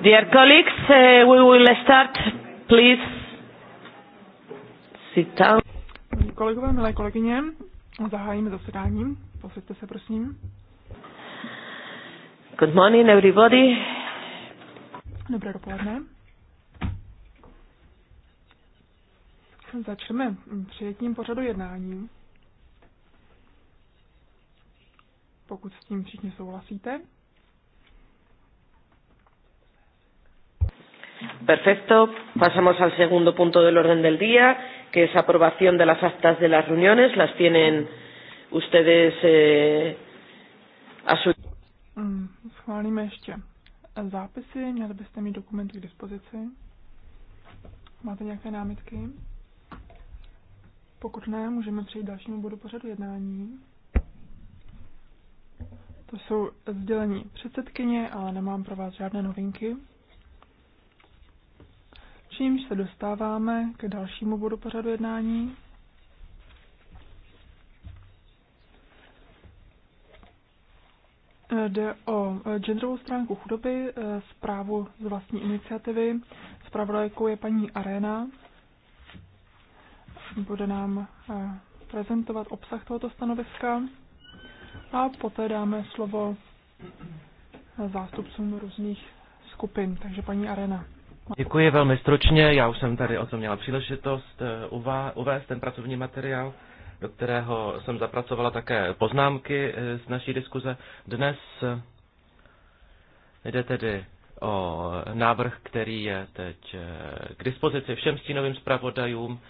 Dear colleagues, uh, we will start, please. Sit down. Kolegové, milé kolegyně, zahájíme zasedání. Posaďte se, prosím. Good morning, everybody. Dobré dopoledne. Začneme přijetím pořadu jednání. Pokud s tím všichni souhlasíte. Perfecto. Pasamos al segundo punto del orden del día, que es aprobación de las actas de las reuniones. Las tienen ustedes eh, a su. Mm, schválíme ještě zápisy, měli byste mít dokumenty k dispozici. Máte nějaké námitky? Pokud ne, můžeme přejít dalšímu bodu pořadu jednání. To jsou sdělení předsedkyně, ale nemám pro vás žádné novinky. Čímž se dostáváme k dalšímu bodu pořadu jednání. Jde o genderovou stránku chudoby, zprávu z vlastní iniciativy. Zpravodajkou je paní Arena. Bude nám eh, prezentovat obsah tohoto stanoviska a poté dáme slovo zástupcům různých skupin. Takže paní Arena. Děkuji velmi stručně. Já už jsem tady o tom měla příležitost eh, uvést ten pracovní materiál, do kterého jsem zapracovala také poznámky eh, z naší diskuze. Dnes eh, jde tedy o návrh, který je teď k dispozici všem stínovým zpravodajům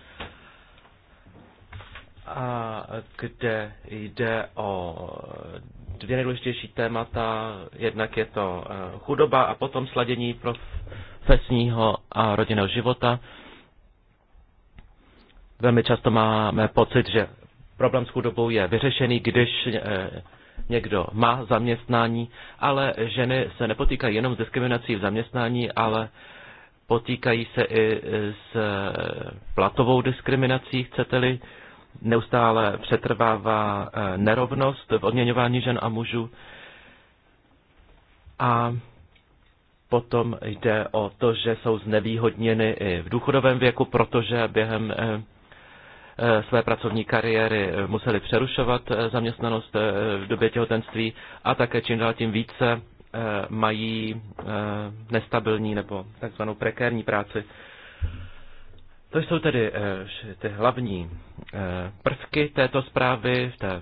a kde jde o dvě nejdůležitější témata. Jednak je to chudoba a potom sladění pro profesního a rodinného života. Velmi často máme pocit, že problém s chudobou je vyřešený, když eh, někdo má zaměstnání, ale ženy se nepotýkají jenom s diskriminací v zaměstnání, ale potýkají se i s eh, platovou diskriminací, chcete-li. Neustále přetrvává eh, nerovnost v odměňování žen a mužů. A Potom jde o to, že jsou znevýhodněny i v důchodovém věku, protože během eh, eh, své pracovní kariéry eh, museli přerušovat zaměstnanost v době těhotenství a také čím dál tím více mají nestabilní nebo takzvanou prekérní práci. To jsou tedy ty hlavní prvky této zprávy v té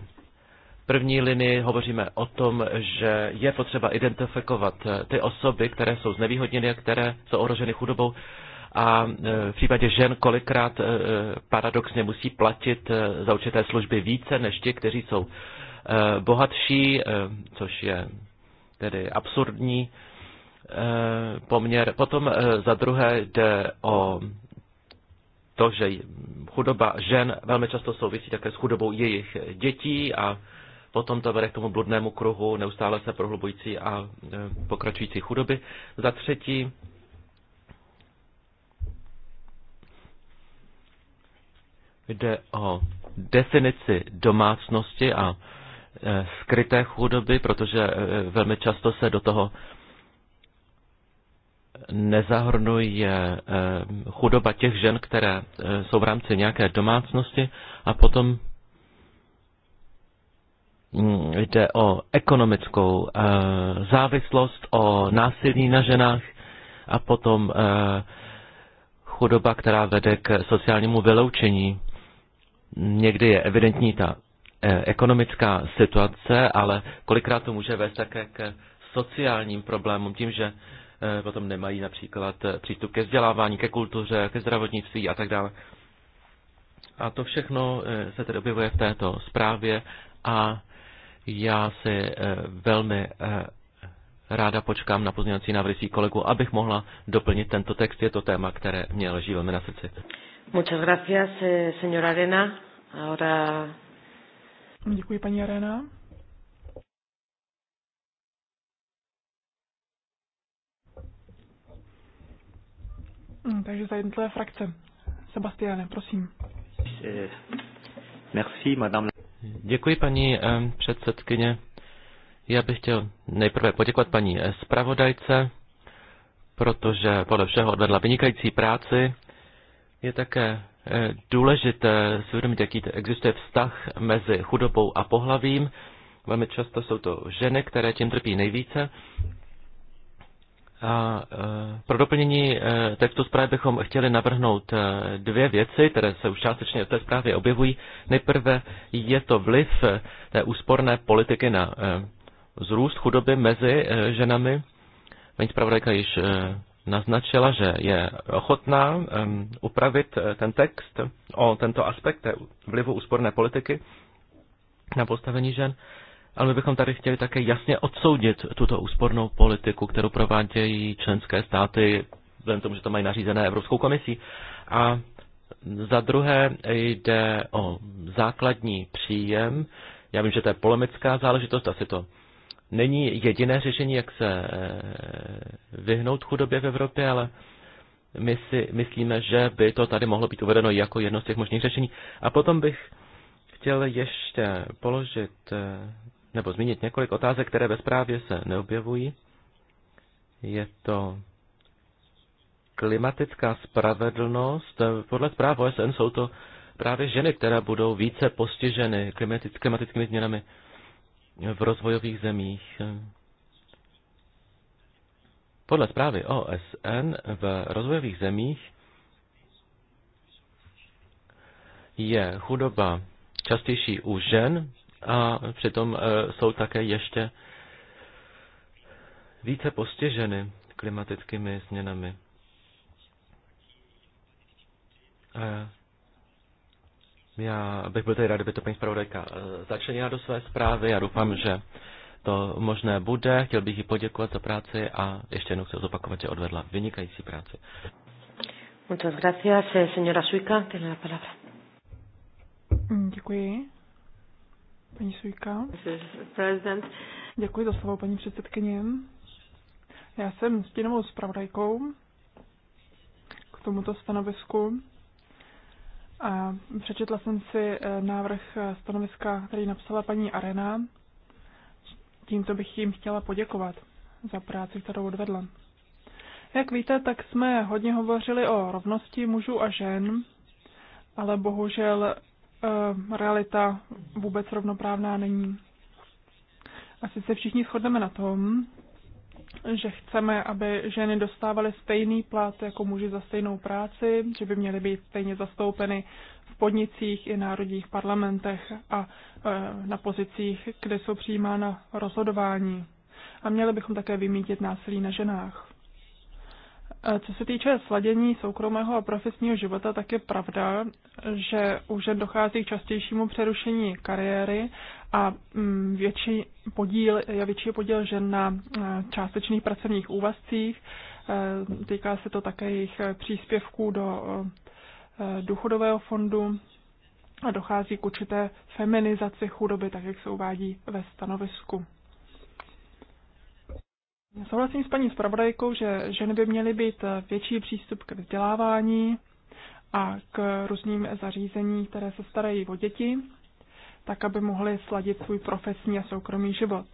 první linii hovoříme o tom, že je potřeba identifikovat eh, ty osoby, které jsou znevýhodněny, které jsou ohroženy chudobou a eh, v případě žen kolikrát eh, paradoxně musí platit za určité služby více než ti, kteří jsou bohatší, což je tedy absurdní poměr. Potom za druhé jde o to, že chudoba žen velmi často souvisí také s chudobou jejich dětí a Potom to vede k tomu bludnému kruhu neustále se prohlubující a e, pokračující chudoby. Za třetí, jde o definici domácnosti a e, skryté chudoby, protože e, velmi často se do toho nezahrnuje chudoba těch žen, které jsou v rámci nějaké domácnosti a potom Mm, jde o ekonomickou eh, závislost, o násilí na ženách a potom eh, chudoba, která vede k sociálnímu vyloučení. Někdy je evidentní ta eh, ekonomická situace, ale kolikrát to může vést také k sociálním problémům, tím, že potom nemají například přístup ke vzdělávání, ke kultuře, ke zdravotnictví a tak dále. A to všechno se tedy objevuje v této zprávě a já si eh, velmi eh, ráda počkám na pozměňovací návrhy svých kolegů, abych mohla doplnit tento text. Je to téma, které mě leží velmi na srdci. Muchas gracias, eh, señora Arena. Ahora... Děkuji, paní Arena. Hm, takže za jednotlivé frakce. Sebastiane, prosím. Merci, madame. Děkuji, paní eh, předsedkyně. Já bych chtěl nejprve poděkovat paní eh, zpravodajce, protože podle všeho odvedla vynikající práci. Je také eh, důležité si uvědomit, jaký existuje vztah mezi chudobou a pohlavím. Velmi často jsou to ženy, které tím trpí nejvíce. A eh, pro doplnění eh, textu zprávy bychom chtěli navrhnout eh, dvě věci, které se už částečně v té zprávě objevují. Nejprve je to vliv té úsporné politiky na zrůst chudoby mezi ženami. Paní zpravodajka již naznačila, že je ochotná upravit ten text o tento aspekt té vlivu úsporné politiky na postavení žen ale my bychom tady chtěli také jasně odsoudit tuto úspornou politiku, kterou provádějí členské státy, vzhledem tomu, že to mají nařízené Evropskou komisí. A za druhé jde o základní příjem. Já vím, že to je polemická záležitost, asi to není jediné řešení, jak se eh, vyhnout chudobě v Evropě, ale my si myslíme, že by to tady mohlo být uvedeno jako jedno z těch možných řešení. A potom bych chtěl ještě položit eh, nebo zmínit několik otázek, které ve zprávě se neobjevují. Je to klimatická spravedlnost. Podle zpráv OSN jsou to právě ženy, které budou více postiženy klimatickými změnami v rozvojových zemích. Podle zprávy OSN v rozvojových zemích je chudoba častější u žen a přitom e, jsou také ještě více postiženy klimatickými změnami. E, já bych byl tady rád, kdyby to paní zpravodajka e, začlenila do své zprávy. Já doufám, že to možné bude. Chtěl bych jí poděkovat za práci a ještě jednou chci zopakovat, že odvedla vynikající práci. Muchas gracias, eh, señora Suica. Tiene la palabra. Děkuji. Paní Sujka. Děkuji za slovo, paní předsedkyně. Já jsem stínovou zpravodajkou k tomuto stanovisku. A přečetla jsem si eh, návrh stanoviska, který napsala paní Arena. Tímto bych jim chtěla poděkovat za práci, kterou odvedla. Jak víte, tak jsme hodně hovořili o rovnosti mužů a žen, ale bohužel Eh, realita vůbec rovnoprávná není. Asi se všichni shodneme na tom, že chceme, aby ženy dostávaly stejný plat jako muži za stejnou práci, že by měly být stejně zastoupeny v podnicích i národních parlamentech a eh, na pozicích, kde jsou přijímána rozhodování. A měli bychom také vymítit násilí na ženách. Co se týče sladění soukromého a profesního života, tak je pravda, že už dochází k častějšímu přerušení kariéry a mm, větší podíl, je větší podíl žen na e, částečných pracovních úvazcích. E, týká se to také jejich příspěvků do e, důchodového fondu a dochází k určité feminizaci chudoby, tak jak se uvádí ve stanovisku. Souhlasím s paní zpravodajkou, že ženy by měly být eh, větší přístup k vzdělávání a k různým zařízením, které se starají o děti, tak aby mohly sladit svůj profesní a soukromý život.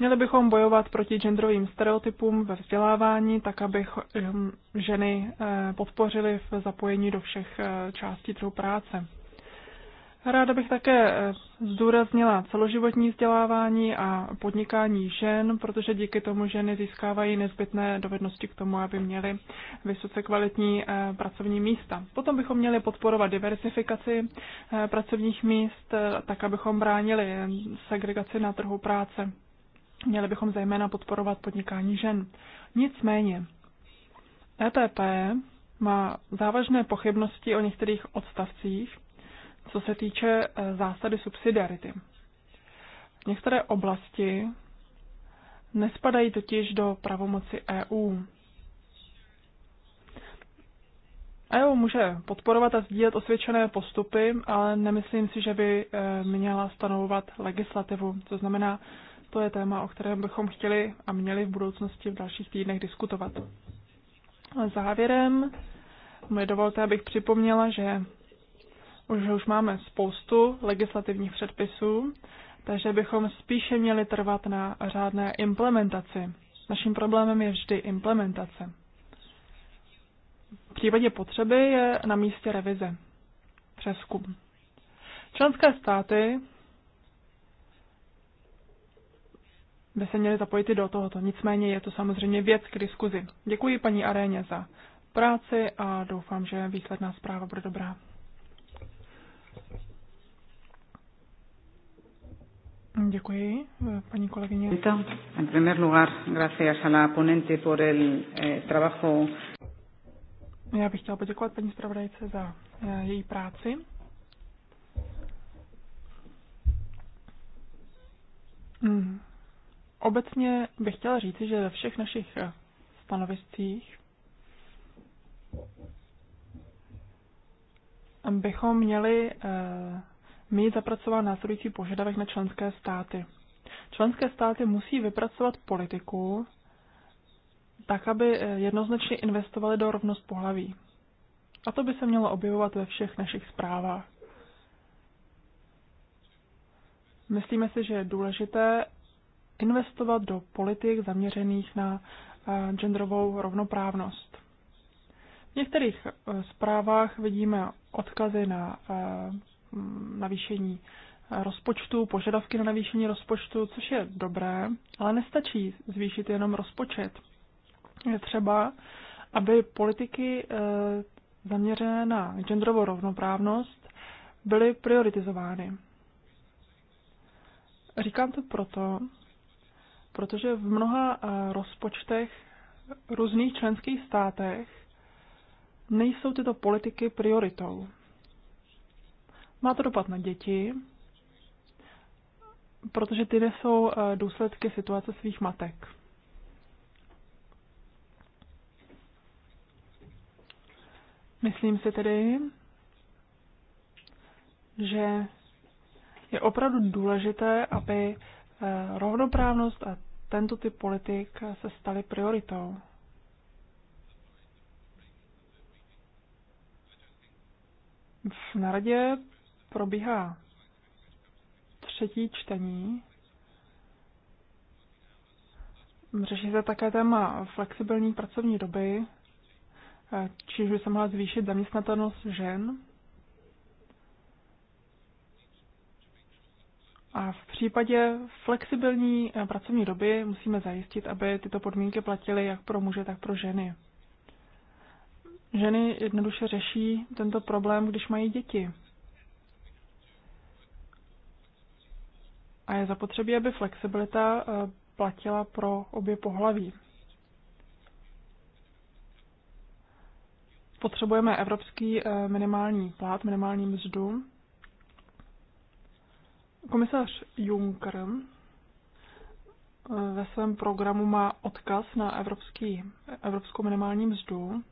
Měli bychom bojovat proti genderovým stereotypům ve vzdělávání, tak aby eh, ženy eh, podpořily v zapojení do všech částí trhu práce. Ráda bych také eh, zdůraznila celoživotní vzdělávání a podnikání žen, protože díky tomu ženy získávají nezbytné dovednosti k tomu, aby měly vysoce kvalitní eh, pracovní místa. Potom bychom měli podporovat diversifikaci eh, pracovních míst, tak abychom bránili segregaci na trhu práce. Měli bychom zejména podporovat podnikání žen. Nicméně, EPP má závažné pochybnosti o některých odstavcích, co se týče eh, zásady subsidiarity. některé oblasti nespadají totiž do pravomoci EU. EU může podporovat a sdílet osvědčené postupy, ale nemyslím si, že by eh, měla stanovovat legislativu. To znamená, to je téma, o kterém bychom chtěli a měli v budoucnosti v dalších týdnech diskutovat. Závěrem mi dovolte, abych připomněla, že už, už máme spoustu legislativních předpisů, takže bychom spíše měli trvat na řádné implementaci. Naším problémem je vždy implementace. V případě potřeby je na místě revize, přeskum. Členské státy by se měly zapojit i do tohoto. Nicméně je to samozřejmě věc k diskuzi. Děkuji paní Aréně za práci a doufám, že výsledná zpráva bude dobrá. Děkuji, paní kolegyně. En primer lugar, gracias a la ponente por el eh, trabajo. Já bych chtěla poděkovat paní zpravodajce za eh, její práci. Hmm. Obecně bych chtěla říci, že ve všech našich eh, stanoviscích bychom měli eh, mít zapracován následující požadavek na členské státy. Členské státy musí vypracovat politiku tak, aby eh, jednoznačně investovali do rovnost pohlaví. A to by se mělo objevovat ve všech našich zprávách. Myslíme si, že je důležité investovat do politik zaměřených na eh, genderovou rovnoprávnost. V některých eh, zprávách vidíme odkazy na Mm, navýšení rozpočtu, požadavky na navýšení rozpočtu, což je dobré, ale nestačí zvýšit jenom rozpočet. Je třeba, aby politiky eh, zaměřené na genderovou rovnoprávnost byly prioritizovány. Říkám to proto, protože v mnoha eh, rozpočtech různých členských státech nejsou tyto politiky prioritou. Má to dopad na děti, protože ty nesou eh, důsledky situace svých matek. Myslím si tedy, že je opravdu důležité, aby eh, rovnoprávnost a tento typ politik eh, se staly prioritou. V naradě probíhá třetí čtení. Řeší se také téma flexibilní pracovní doby, čiž by se mohla zvýšit zaměstnatelnost žen. A v případě flexibilní eh, pracovní doby musíme zajistit, aby tyto podmínky platily jak pro muže, tak pro ženy. Ženy jednoduše řeší tento problém, když mají děti. a je zapotřebí, aby flexibilita eh, platila pro obě pohlaví. Potřebujeme evropský eh, minimální plát, minimální mzdu. Komisař Juncker eh, ve svém programu má odkaz na evropský, evropskou minimální mzdu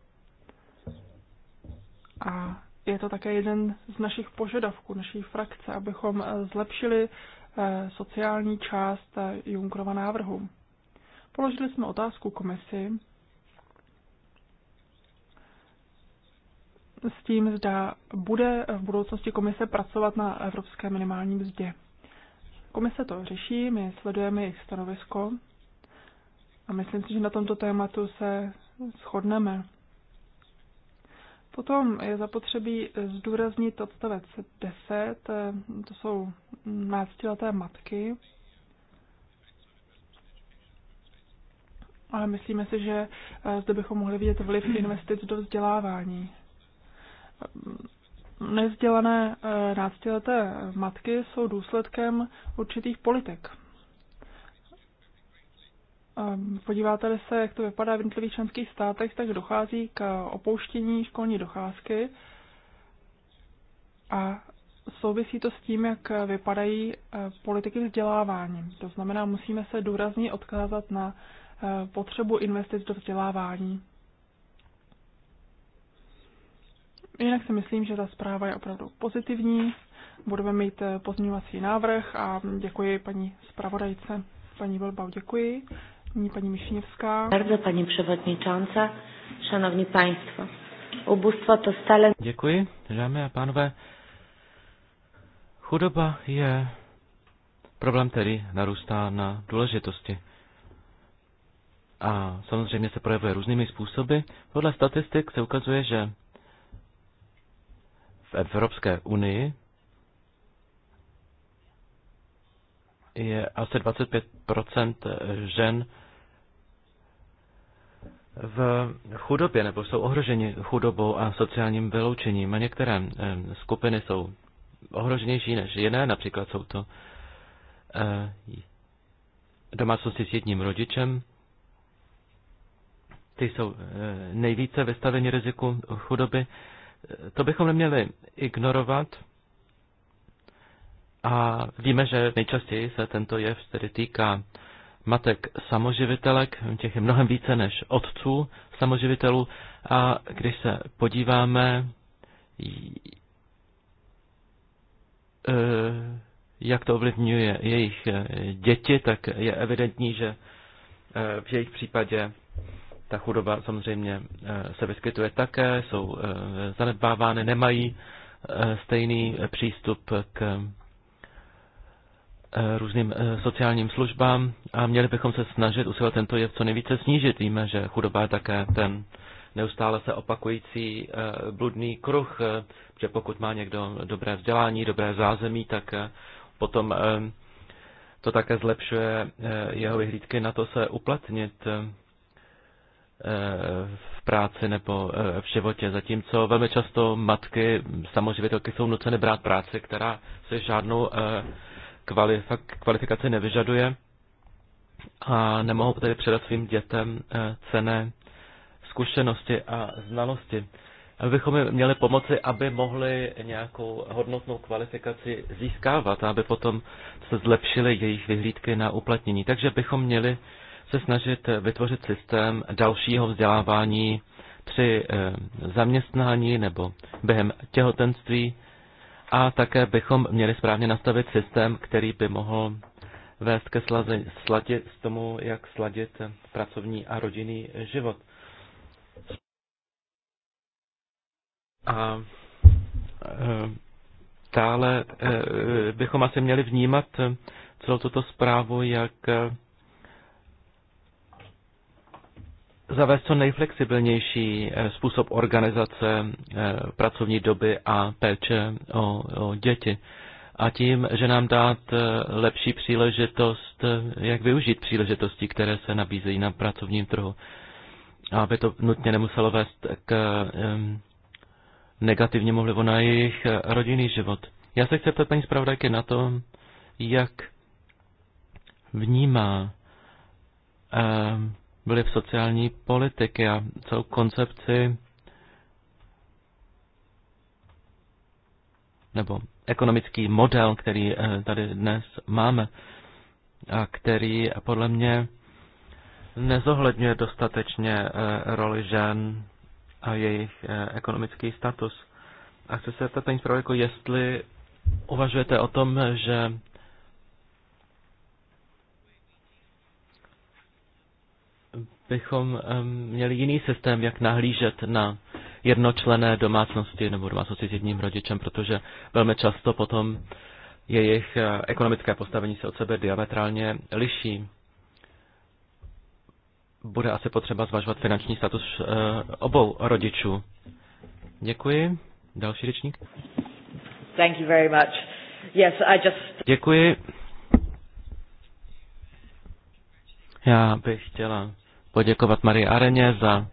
a je to také jeden z našich požadavků, naší frakce, abychom zlepšili Eh, sociální část eh, Junkrova návrhu. Položili jsme otázku komisi s tím, zda bude v budoucnosti komise pracovat na evropské minimální mzdě. Komise to řeší, my sledujeme jejich stanovisko a myslím si, že na tomto tématu se shodneme. Potom je zapotřebí zdůraznit odstavec 10, eh, to jsou náctileté matky, ale myslíme si, že eh, zde bychom mohli vidět vliv mhm. investic do vzdělávání. Nevzdělané eh, náctileté matky jsou důsledkem určitých politik podíváte se, jak to vypadá v jednotlivých členských státech, tak dochází k opouštění školní docházky a souvisí to s tím, jak vypadají e, politiky vzdělávání. To znamená, musíme se důrazně odkázat na e, potřebu investic do vzdělávání. Jinak si myslím, že ta zpráva je opravdu pozitivní. Budeme mít e, pozměňovací návrh a děkuji paní zpravodajce. Paní Bilbao, děkuji. Nyní paní Mišněvská. Bardzo Pani Przewodnicząca, Szanowni państwo. Ubóstwo to stale... Dziękuję, dámy a Panowie. Chudoba je problém, který narůstá na důležitosti. A samozřejmě se projevuje různými způsoby. Podle statistik se ukazuje, že v Evropské unii je asi 25 žen v chudobě nebo jsou ohroženi chudobou a sociálním vyloučením. A některé eh, skupiny jsou ohroženější než jiné, například jsou to eh, domácnosti s jedním rodičem. Ty jsou eh, nejvíce vystaveni riziku chudoby. To bychom neměli ignorovat a víme, že nejčastěji se tento jev tedy týká matek samoživitelek, těch je mnohem více než otců samoživitelů. A když se podíváme, e, jak to ovlivňuje jejich e, děti, tak je evidentní, že e, v jejich případě ta chudoba samozřejmě se vyskytuje také, jsou zanedbávány, nemají stejný přístup k Eh, různým eh, sociálním službám a měli bychom se snažit usilovat tento jev co nejvíce snížit. Víme, že chudoba je také ten neustále se opakující eh, bludný kruh, že pokud má někdo dobré vzdělání, dobré zázemí, tak potom to také zlepšuje jeho vyhlídky na to se uplatnit v práci nebo v životě, zatímco velmi často matky, samoživitelky jsou nuceny brát práci, která se žádnou kvalifikaci nevyžaduje a nemohou tedy předat svým dětem eh, cené zkušenosti a znalosti. Abychom jim měli pomoci, aby mohli nějakou hodnotnou kvalifikaci získávat, aby potom se zlepšily jejich vyhlídky na uplatnění. Takže bychom měli se snažit vytvořit systém dalšího vzdělávání při eh, zaměstnání nebo během těhotenství, a také bychom měli správně nastavit systém, který by mohl vést ke slazi, sladě, s tomu, jak sladit pracovní a rodinný život. A e, dále e, bychom asi měli vnímat e, celou tuto zprávu, jak zavést co nejflexibilnější eh, způsob organizace eh, pracovní doby a péče o, o děti. A tím, že nám dát eh, lepší příležitost, jak využít příležitosti, které se nabízejí na pracovním trhu. Aby to nutně nemuselo vést k negativnímu vlivu na jejich rodinný život. Já se chci ptát paní zpravodajky na to, jak vnímá byly v sociální politiky a celou koncepci nebo ekonomický model, který eh, tady dnes máme a který podle mě nezohledňuje dostatečně eh, roli žen a jejich eh, ekonomický status. A chci se zeptat, paní zpravodajko, jestli uvažujete o tom, že bychom měli jiný systém, jak nahlížet na jednočlené domácnosti nebo domácnosti s jedním rodičem, protože velmi často potom jejich eh, ekonomické postavení se od sebe diametrálně liší. Bude asi potřeba zvažovat finanční status eh, obou rodičů. Děkuji. Další řečník. Thank you very much. Yes, I just... Děkuji. Já bych chtěla poděkovat Marie Areně za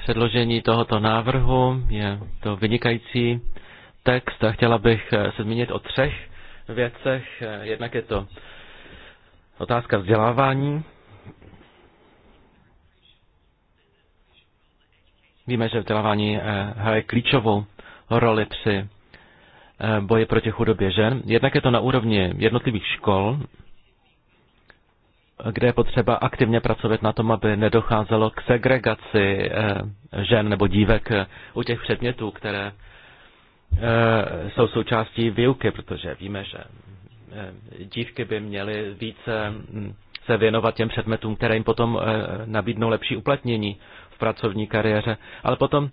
předložení tohoto návrhu. Je to vynikající text a chtěla bych eh, se zmínit o třech věcech. Eh, jednak je to otázka vzdělávání. Víme, že vzdělávání eh, hraje klíčovou roli při boji proti chudobě žen. Jednak je to na úrovni jednotlivých škol, kde je potřeba aktivně pracovat na tom, aby nedocházelo k segregaci eh, žen nebo dívek eh, u těch předmětů, které eh, jsou součástí výuky, protože víme, že dívky by měly více hm, se věnovat těm předmětům, které jim potom nabídnou lepší uplatnění v pracovní kariéře. Ale potom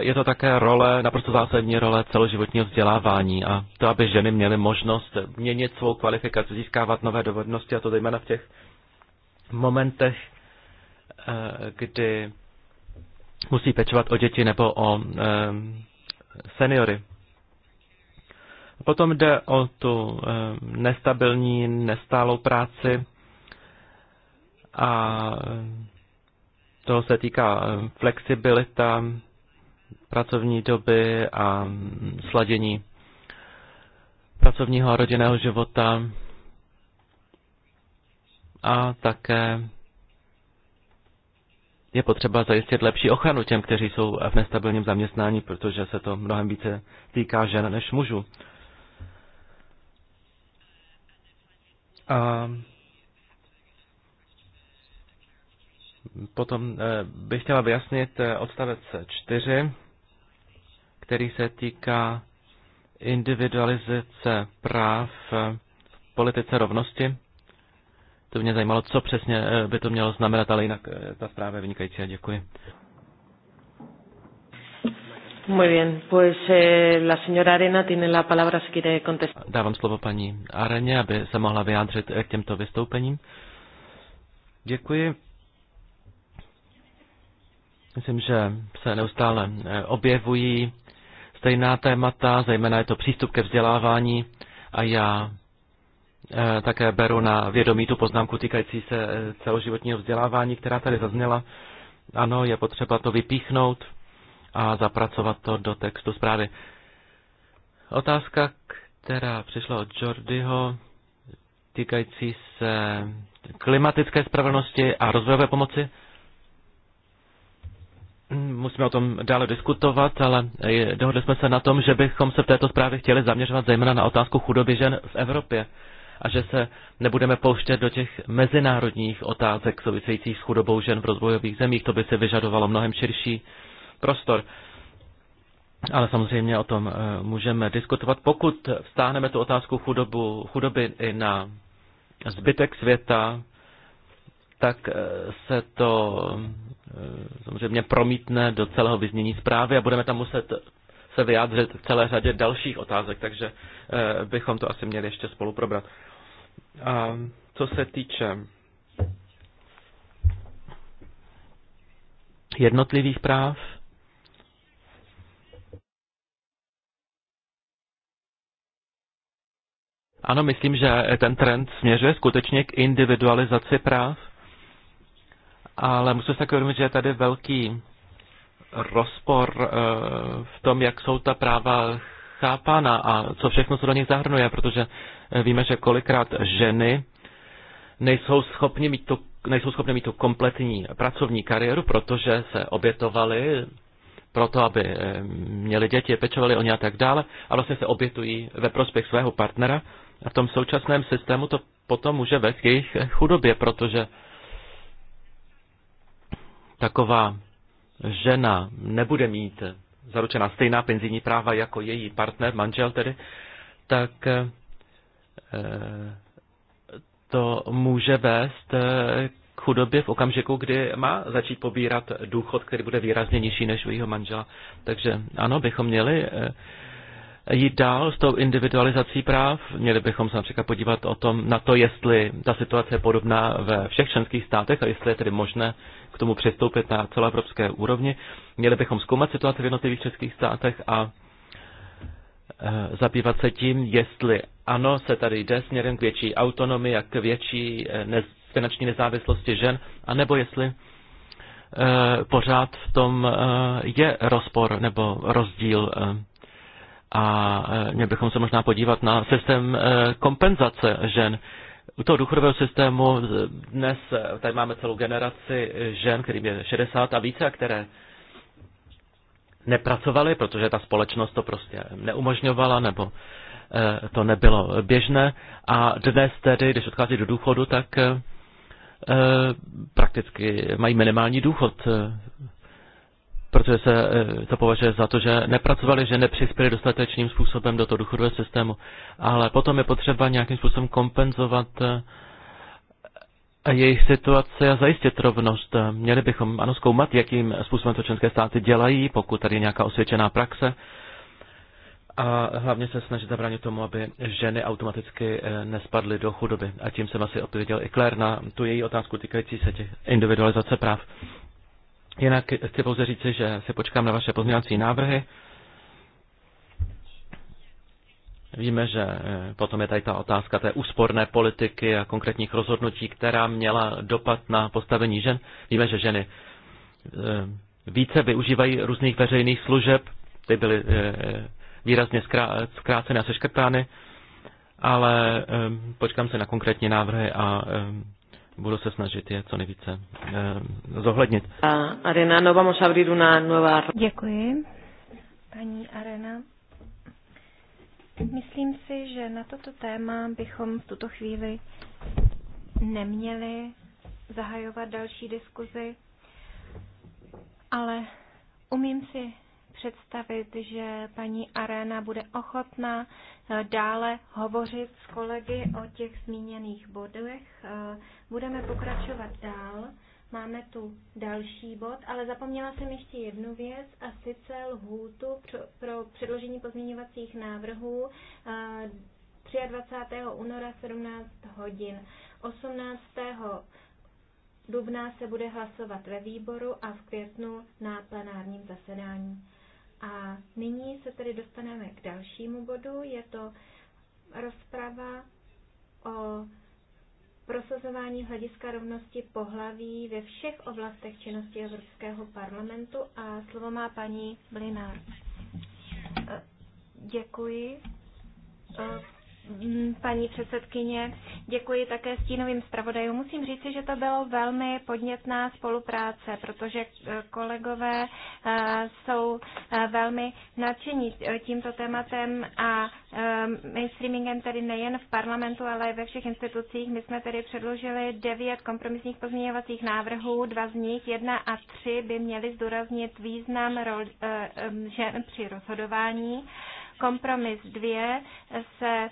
je to také role, naprosto zásadní role celoživotního vzdělávání a to, aby ženy měly možnost měnit svou kvalifikaci, získávat nové dovednosti a to zejména v těch momentech, eh, kdy musí pečovat o děti nebo o eh, seniory. Potom jde o tu eh, nestabilní, nestálou práci a toho se týká flexibilita pracovní doby a sladění pracovního a rodinného života a také je potřeba zajistit lepší ochranu těm, kteří jsou v nestabilním zaměstnání, protože se to mnohem více týká žen než mužů. A potom eh, bych chtěla vyjasnit eh, odstavec 4, který se týká individualizace práv v politice rovnosti to mě zajímalo, co přesně eh, by to mělo znamenat, ale jinak eh, ta zpráva je vynikající a děkuji. Muy bien, pues eh, la señora Arena tiene la palabra si quiere contestar. Dávám slovo paní Areně, aby se mohla vyjádřit eh, k těmto vystoupením. Děkuji. Myslím, že se neustále objevují stejná témata, zejména je to přístup ke vzdělávání a já Eh, také beru na vědomí tu poznámku týkající se eh, celoživotního vzdělávání, která tady zazněla. Ano, je potřeba to vypíchnout a zapracovat to do textu zprávy. Otázka, která přišla od Jordyho, týkající se klimatické spravedlnosti a rozvojové pomoci. Musíme o tom dále diskutovat, ale eh, dohodli jsme se na tom, že bychom se v této zprávě chtěli zaměřovat zejména na otázku chudoby žen v Evropě a že se nebudeme pouštět do těch mezinárodních otázek souvisejících s chudobou žen v rozvojových zemích. To by se vyžadovalo mnohem širší prostor. Ale samozřejmě o tom eh, můžeme diskutovat. Pokud vstáhneme tu otázku chudobu, chudoby i na zbytek světa, tak eh, se to eh, samozřejmě promítne do celého vyznění zprávy a budeme tam muset se vyjádřit v celé řadě dalších otázek, takže eh, bychom to asi měli ještě spolu probrat. A co se týče jednotlivých práv, Ano, myslím, že ten trend směřuje skutečně k individualizaci práv, ale musím se tak uvědomit, že je tady velký rozpor eh, v tom, jak jsou ta práva chápána a co všechno se do nich zahrnuje, protože eh, víme, že kolikrát ženy nejsou schopny mít tu, nejsou schopny mít tu kompletní pracovní kariéru, protože se obětovaly proto, aby eh, měli děti, pečovali o ně a tak dále a vlastně se obětují ve prospěch svého partnera a v tom současném systému to potom může vést k jejich chudobě, protože taková žena nebude mít zaručená stejná penzijní práva jako její partner, manžel tedy, tak eh, to může vést eh, k chudobě v okamžiku, kdy má začít pobírat důchod, který bude výrazně nižší než u jeho manžela. Takže ano, bychom měli eh, jít dál s tou individualizací práv. Měli bychom se například podívat o tom, na to, jestli ta situace je podobná ve všech členských státech a jestli je tedy možné k tomu přistoupit na celoevropské úrovni. Měli bychom zkoumat situaci v jednotlivých českých státech a eh, zabývat se tím, jestli ano, se tady jde směrem k větší autonomii a k větší eh, finanční nezávislosti žen, anebo jestli eh, pořád v tom je rozpor nebo rozdíl a e, měli bychom se možná podívat na systém e, kompenzace žen. U toho důchodového systému e, dnes tady máme celou generaci žen, kterým je 60 a více, a které nepracovaly, protože ta společnost to prostě neumožňovala nebo to nebylo běžné. A dnes tedy, když odchází do důchodu, tak prakticky mají minimální důchod protože se eh, to považuje za to, že nepracovali, že nepřispěli dostatečným způsobem do toho důchodového systému. Ale potom je potřeba nějakým způsobem kompenzovat eh, jejich situaci a zajistit rovnost. Měli bychom ano zkoumat, jakým způsobem to členské státy dělají, pokud tady je nějaká osvědčená praxe. A hlavně se snažit zabránit tomu, aby ženy automaticky eh, nespadly do chudoby. A tím jsem asi odpověděl i Claire na tu její otázku týkající se těch individualizace práv. Jinak chci pouze říci, že si počkám na vaše pozměňovací návrhy. Víme, že eh, potom je tady ta otázka té úsporné politiky a konkrétních rozhodnutí, která měla dopad na postavení žen. Víme, že ženy eh, více využívají různých veřejných služeb, ty byly eh, výrazně zkráceny a seškrtány, ale počkám se na konkrétní návrhy a budu se snažit je co nejvíce eh, zohlednit. Arena, no vamos a abrir una nueva... Děkuji, paní Arena. Myslím si, že na toto téma bychom v tuto chvíli neměli zahajovat další diskuzi, ale umím si představit, že paní Arena bude ochotná eh, dále hovořit s kolegy o těch zmíněných bodech. Eh, budeme pokračovat dál. Máme tu další bod, ale zapomněla jsem ještě jednu věc a sice lhůtu pro předložení pozměňovacích návrhů 23. Eh, února 17 hodin. 18 dubna se bude hlasovat ve výboru a v květnu na plenárním zasedání. A nyní se tedy dostaneme k dalšímu bodu. Je to rozprava o prosazování hlediska rovnosti pohlaví ve všech oblastech činnosti Evropského parlamentu a slovo má paní Blinár. Děkuji, Mm, paní předsedkyně. Děkuji také stínovým zpravodajům. Musím říci, že to bylo velmi podnětná spolupráce, protože eh, kolegové eh, jsou eh, velmi nadšení tímto tématem a mainstreamingem tedy nejen v parlamentu, ale i ve všech institucích. My jsme tedy předložili devět kompromisních pozměňovacích návrhů, dva z nich, jedna a tři, by měly zdůraznit význam žen při rozhodování. Kompromis dvě se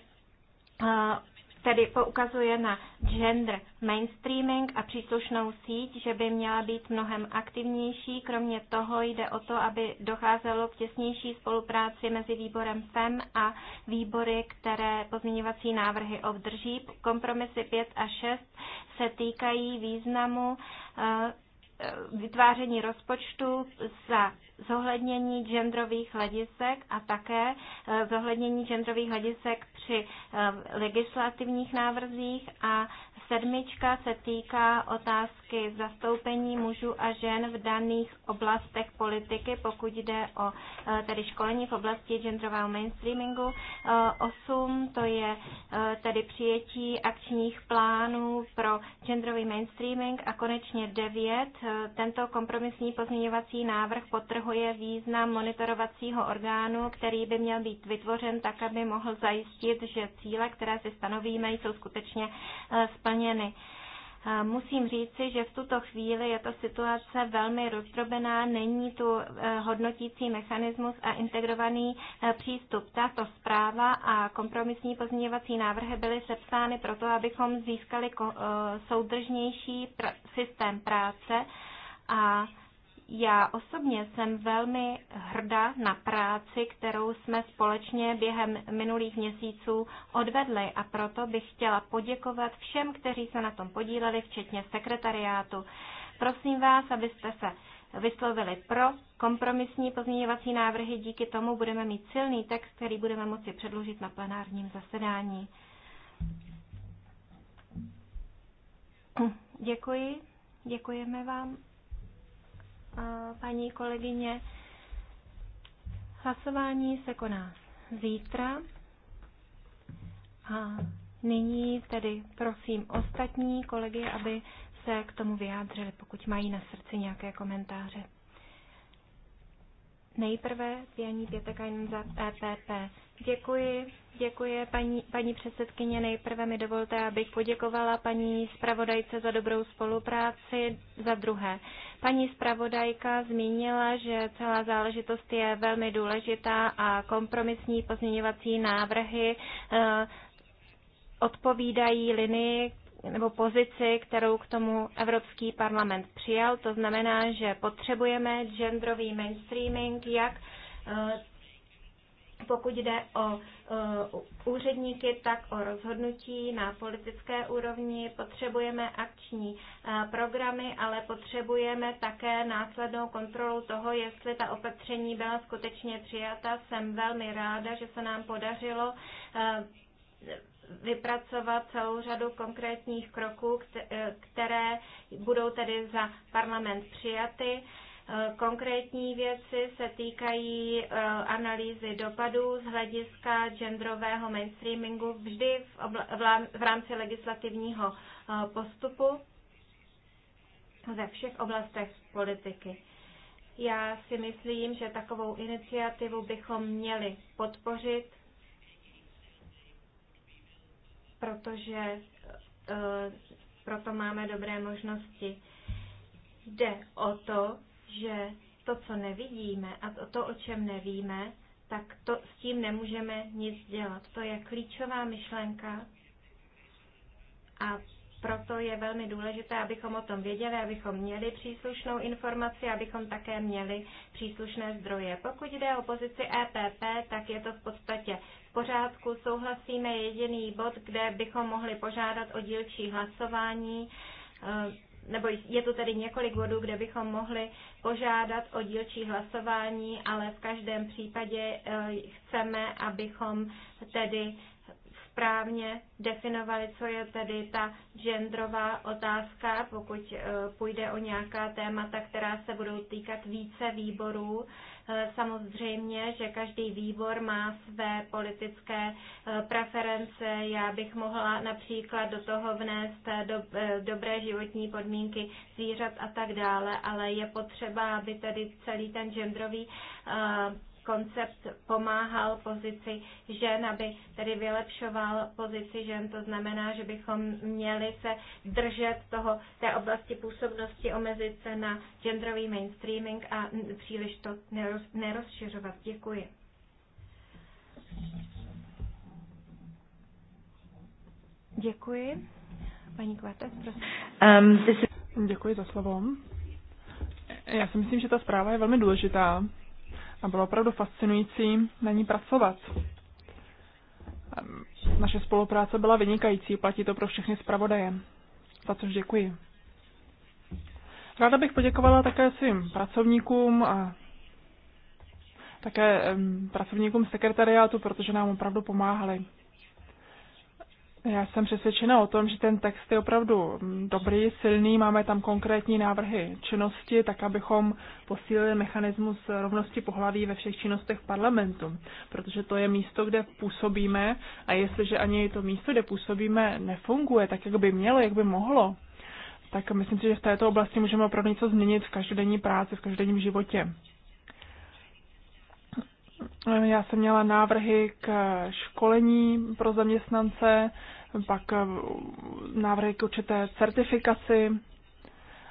tedy poukazuje na gender mainstreaming a příslušnou síť, že by měla být mnohem aktivnější. Kromě toho jde o to, aby docházelo k těsnější spolupráci mezi výborem FEM a výbory, které pozměňovací návrhy obdrží. Kompromisy 5 a 6 se týkají významu eh, Eh, vytváření rozpočtu za zohlednění genderových hledisek a také eh, zohlednění genderových hledisek při eh, legislativních návrzích a sedmička se týká otázky otázky zastoupení mužů a žen v daných oblastech politiky, pokud jde o e, tedy školení v oblasti genderového mainstreamingu. 8 e, to je e, tedy přijetí akčních plánů pro genderový mainstreaming a konečně 9. Tento kompromisní pozměňovací návrh potrhuje význam monitorovacího orgánu, který by měl být vytvořen tak, aby mohl zajistit, že cíle, které si stanovíme, jsou skutečně splněny. Musím říci, že v tuto chvíli je ta situace velmi rozdrobená, není tu e, hodnotící mechanismus a integrovaný e, přístup. Tato zpráva a kompromisní pozměňovací návrhy byly sepsány proto, abychom získali e, soudržnější systém práce a já osobně jsem velmi hrdá na práci, kterou jsme společně během minulých měsíců odvedli a proto bych chtěla poděkovat všem, kteří se na tom podíleli, včetně sekretariátu. Prosím vás, abyste se vyslovili pro kompromisní pozměňovací návrhy. Díky tomu budeme mít silný text, který budeme moci předložit na plenárním zasedání. Děkuji. Děkujeme vám paní kolegyně. Hlasování se koná zítra. A nyní tedy prosím ostatní kolegy, aby se k tomu vyjádřili, pokud mají na srdci nějaké komentáře. Nejprve Janí Pětekajn za EPP. Děkuji, děkuji paní, paní předsedkyně. Nejprve mi dovolte, abych poděkovala paní zpravodajce za dobrou spolupráci. Za druhé, paní zpravodajka zmínila, že celá záležitost je velmi důležitá a kompromisní pozměňovací návrhy eh, odpovídají linii, nebo pozici, kterou k tomu Evropský parlament přijal. To znamená, že potřebujeme genderový mainstreaming, jak eh, pokud jde o eh, úředníky, tak o rozhodnutí na politické úrovni. Potřebujeme akční eh, programy, ale potřebujeme také následnou kontrolu toho, jestli ta opatření byla skutečně přijata. Jsem velmi ráda, že se nám podařilo vypracovat celou řadu konkrétních kroků, eh, které budou tedy za parlament přijaty. Eh, konkrétní věci se týkají eh, analýzy dopadů z hlediska genderového mainstreamingu vždy v, v rámci legislativního postupu ve všech oblastech politiky. Já si myslím, že takovou iniciativu bychom měli podpořit protože e, proto máme dobré možnosti. Jde o to, že to, co nevidíme a to, to o čem nevíme, tak to, s tím nemůžeme nic dělat. To je klíčová myšlenka a proto je velmi důležité, abychom o tom věděli, abychom měli příslušnou informaci, abychom také měli příslušné zdroje. Pokud jde o pozici EPP, tak je to v podstatě pořádku, souhlasíme jediný bod, kde bychom mohli požádat o dílčí hlasování, eh, nebo je tu tedy několik bodů, kde bychom mohli požádat o dílčí hlasování, ale v každém případě eh, chceme, abychom tedy správně definovali, co je tedy ta genderová otázka, pokud eh, půjde o nějaká témata, která se budou týkat více výborů. Eh, samozřejmě, že každý výbor má své politické eh, preference. Já bych mohla například do toho vnést do, dobré životní podmínky zvířat a tak dále, ale je potřeba, aby tedy celý ten genderový koncept pomáhal pozici žen, aby tedy vylepšoval pozici žen. To znamená, že bychom měli se držet toho, té oblasti působnosti, omezit se na genderový mainstreaming a příliš to neroz, nerozšiřovat. Děkuji. Děkuji. Paní Kvates, prosím. Um, this is... Děkuji za slovo. Já si myslím, že ta zpráva je velmi důležitá a bylo opravdu fascinující na ní pracovat. Ehm, naše spolupráce byla vynikající, platí to pro všechny zpravodaje, za což děkuji. Ráda bych poděkovala také svým pracovníkům a také ehm, pracovníkům sekretariátu, protože nám opravdu pomáhali. Já jsem přesvědčena o tom, že ten text je opravdu dobrý, silný, máme tam konkrétní návrhy činnosti, tak abychom posílili mechanismus rovnosti pohlaví ve všech činnostech parlamentu, protože to je místo, kde působíme a jestliže ani to místo, kde působíme, nefunguje tak, jak by mělo, jak by mohlo, tak myslím si, že v této oblasti můžeme opravdu něco změnit v každodenní práci, v každodenním životě. Já jsem měla návrhy k školení pro zaměstnance, pak návrhy k určité certifikaci.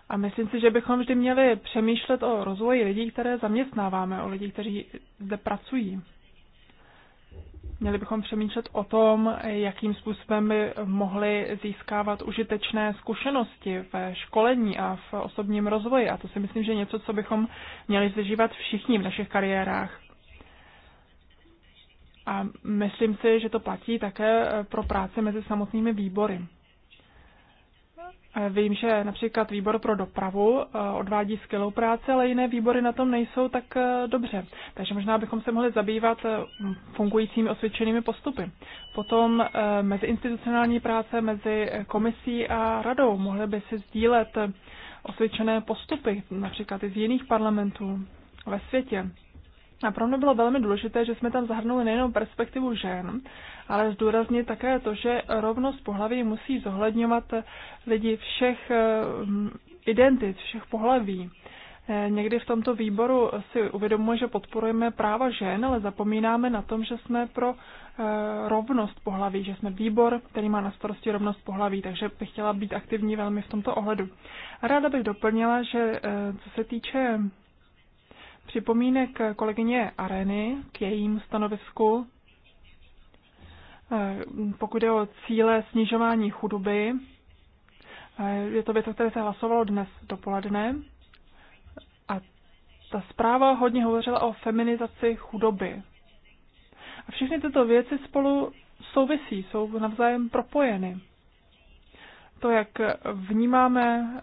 A myslím si, že bychom vždy měli přemýšlet o rozvoji lidí, které zaměstnáváme, o lidí, kteří zde pracují. Měli bychom přemýšlet o tom, jakým způsobem by mohli získávat užitečné zkušenosti ve školení a v osobním rozvoji. A to si myslím, že je něco, co bychom měli zažívat všichni v našich kariérách. A myslím si, že to platí také eh, pro práce mezi samotnými výbory. Eh, vím, že například výbor pro dopravu eh, odvádí skvělou práci, ale jiné výbory na tom nejsou tak dobře. Takže možná bychom se mohli zabývat fungujícími osvědčenými postupy. Potom meziinstitucionální práce mezi komisí a radou. Mohli by si sdílet osvědčené postupy, například i z jiných parlamentů ve světě. A pro mě bylo velmi důležité, že jsme tam zahrnuli nejenom perspektivu žen, ale zdůraznit také to, že rovnost pohlaví musí zohledňovat lidi všech mm, identit, všech pohlaví. Eh, někdy v tomto výboru si uvědomuje, že podporujeme práva žen, ale zapomínáme na tom, že jsme pro eh, rovnost pohlaví, že jsme výbor, který má na starosti rovnost pohlaví, takže bych chtěla být aktivní velmi v tomto ohledu. A ráda bych doplnila, že eh, co se týče připomínek kolegyně Areny k jejímu stanovisku, eh, pokud je o cíle snižování chudoby, eh, je to věc, o které se hlasovalo dnes dopoledne. A ta zpráva hodně hovořila o feminizaci chudoby. A všechny tyto věci spolu souvisí, jsou navzájem propojeny. To, jak vnímáme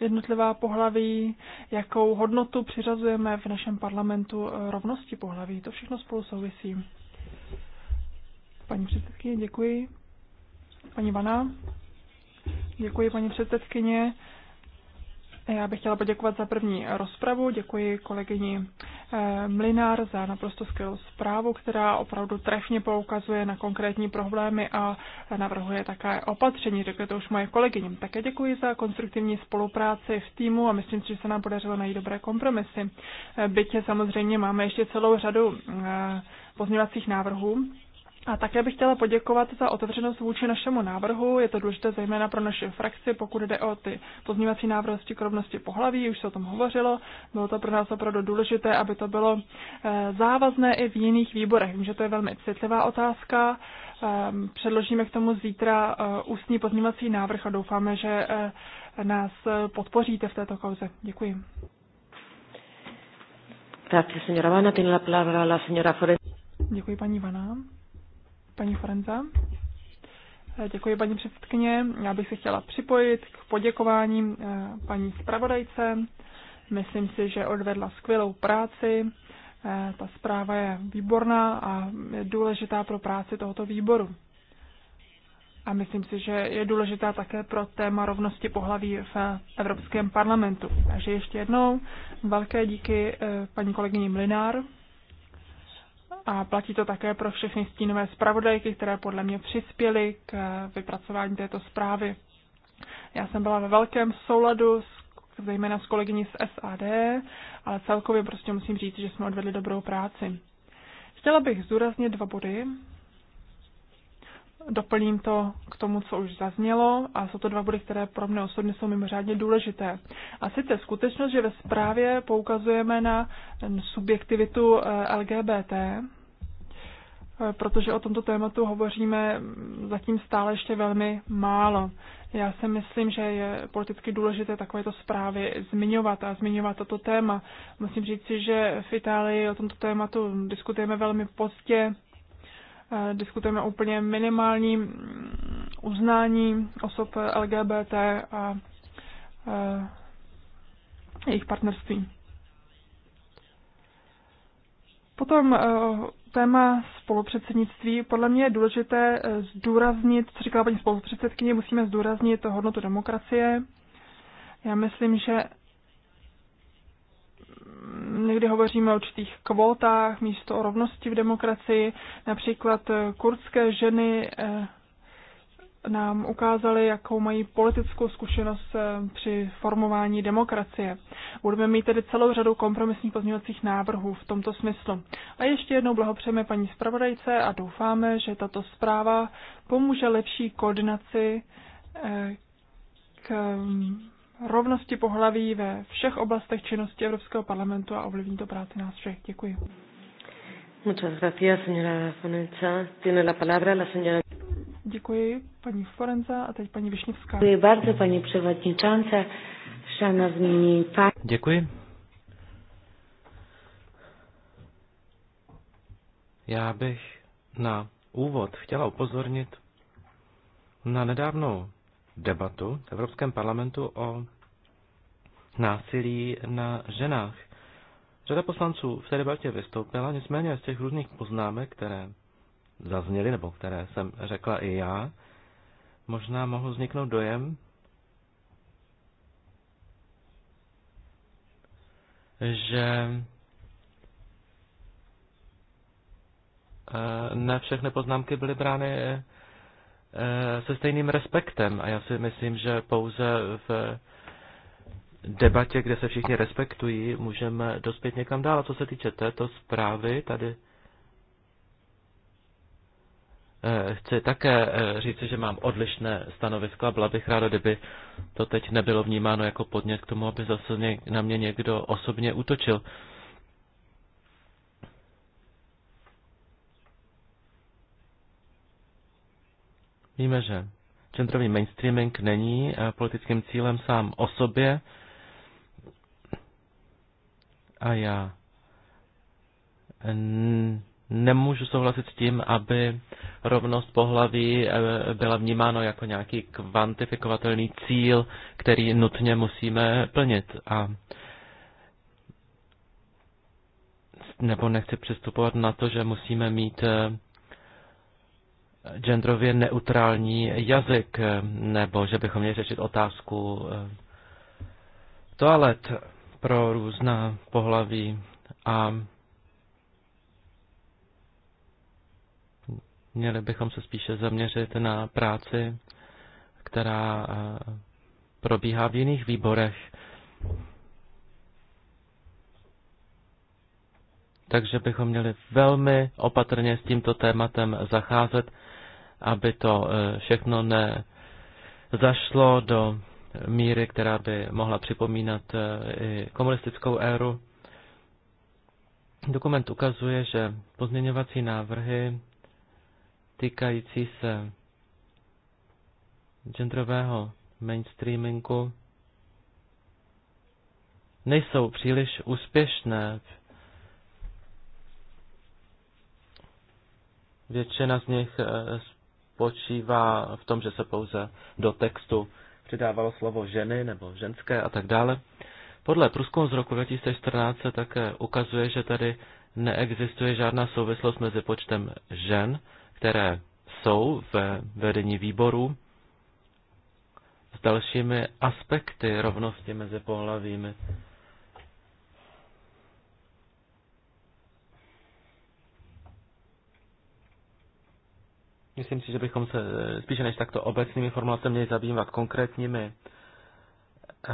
jednotlivá pohlaví, jakou hodnotu přiřazujeme v našem parlamentu eh, rovnosti pohlaví. To všechno spolu souvisí. Paní předsedkyně, děkuji. Paní Vana, děkuji paní předsedkyně. Já bych chtěla poděkovat za první rozpravu. Děkuji kolegyni eh, Mlinár za naprosto skvělou zprávu, která opravdu trefně poukazuje na konkrétní problémy a navrhuje také opatření. Řekli to už moje kolegyně. Také děkuji za konstruktivní spolupráci v týmu a myslím si, že se nám podařilo najít dobré kompromisy. Eh, Bytě samozřejmě máme ještě celou řadu eh, pozměňovacích návrhů, a také bych chtěla poděkovat za otevřenost vůči našemu návrhu. Je to důležité zejména pro naše frakci, pokud jde o ty pozměňovací návrhosti k rovnosti pohlaví, už se o tom hovořilo. Bylo to pro nás opravdu důležité, aby to bylo eh, závazné i v jiných výborech. Vím, že to je velmi citlivá otázka. Ehm, předložíme k tomu zítra eh, ústní pozměňovací návrh a doufáme, že eh, nás podpoříte v této kauze. Děkuji. Gracias, señora Vana. Tiene la palabra la señora Forest. Děkuji, paní Vana. Paní Forenza. Eh, děkuji, paní předsedkyně. Já bych se chtěla připojit k poděkování eh, paní zpravodajce. Myslím si, že odvedla skvělou práci. Eh, ta zpráva je výborná a je důležitá pro práci tohoto výboru. A myslím si, že je důležitá také pro téma rovnosti pohlaví v Evropském parlamentu. Takže ještě jednou velké díky paní kolegyni Mlinár a platí to také pro všechny stínové zpravodajky, které podle mě přispěly k vypracování této zprávy. Já jsem byla ve velkém souladu s zejména s kolegyní z SAD, ale celkově prostě musím říct, že jsme odvedli dobrou práci. Chtěla bych zúraznit dva body. Doplním to k tomu, co už zaznělo, a jsou to dva body, které pro mě osobně jsou mimořádně důležité. A sice skutečnost, že ve zprávě poukazujeme na subjektivitu eh, LGBT, Eh, protože o tomto tématu hovoříme zatím stále ještě velmi málo. Já si myslím, že je politicky důležité takovéto zprávy zmiňovat a zmiňovat toto téma. Musím říct si, že v Itálii o tomto tématu diskutujeme velmi pozdě, eh, diskutujeme úplně minimální mm, uznání osob LGBT a eh, jejich partnerství. Potom téma spolupředsednictví. Podle mě je důležité eh, zdůraznit, co říkala paní spolupředsedkyně, musíme zdůraznit hodnotu demokracie. Já myslím, že někdy hovoříme o určitých kvótách místo o rovnosti v demokracii. Například eh, kurdské ženy eh, nám ukázali, jakou mají politickou zkušenost eh, při formování demokracie. Budeme mít tedy celou řadu kompromisních pozměňovacích návrhů v tomto smyslu. A ještě jednou blahopřejeme paní zpravodajce a doufáme, že tato zpráva pomůže lepší koordinaci eh, k mm, rovnosti pohlaví ve všech oblastech činnosti Evropského parlamentu a ovlivní to práci nás všech. Děkuji. Muchas gracias, señora Fonenza. Tiene la palabra la señora. Děkuji paní Forenza a teď paní Višněvská. Děkuji bardzo paní převodničance, šanovní pan. Děkuji. Já bych na úvod chtěla upozornit na nedávnou debatu v Evropském parlamentu o násilí na ženách. Řada poslanců v té debatě vystoupila, nicméně z těch různých poznámek, které zazněly, nebo které jsem řekla i já, možná mohl vzniknout dojem, že eh, ne všechny poznámky byly brány eh, se stejným respektem. A já si myslím, že pouze v debatě, kde se všichni respektují, můžeme dospět někam dál. A co se týče této zprávy, tady chci také eh, říct, že mám odlišné stanovisko a byla bych ráda, kdyby to teď nebylo vnímáno jako podnět k tomu, aby zase na mě někdo osobně útočil. Víme, že centrový mainstreaming není eh, politickým cílem sám o sobě a já nemůžu souhlasit s tím, aby rovnost pohlaví eh, byla vnímáno jako nějaký kvantifikovatelný cíl, který nutně musíme plnit. A nebo nechci přistupovat na to, že musíme mít eh, genderově neutrální jazyk, eh, nebo že bychom měli řešit otázku toalet pro různá pohlaví. A Měli bychom se spíše zaměřit na práci, která eh, probíhá v jiných výborech. Takže bychom měli velmi opatrně s tímto tématem zacházet, aby to eh, všechno ne zašlo do míry, která by mohla připomínat eh, i komunistickou éru. Dokument ukazuje, že pozměňovací návrhy týkající se genderového mainstreamingu nejsou příliš úspěšné. Většina z nich eh, spočívá v tom, že se pouze do textu přidávalo slovo ženy nebo ženské a tak dále. Podle průzkumu z roku 2014 se také ukazuje, že tady neexistuje žádná souvislost mezi počtem žen které jsou ve vedení výboru s dalšími aspekty rovnosti mezi pohlavími. Myslím si, že bychom se eh, spíše než takto obecnými formulacemi měli zabývat konkrétními eh,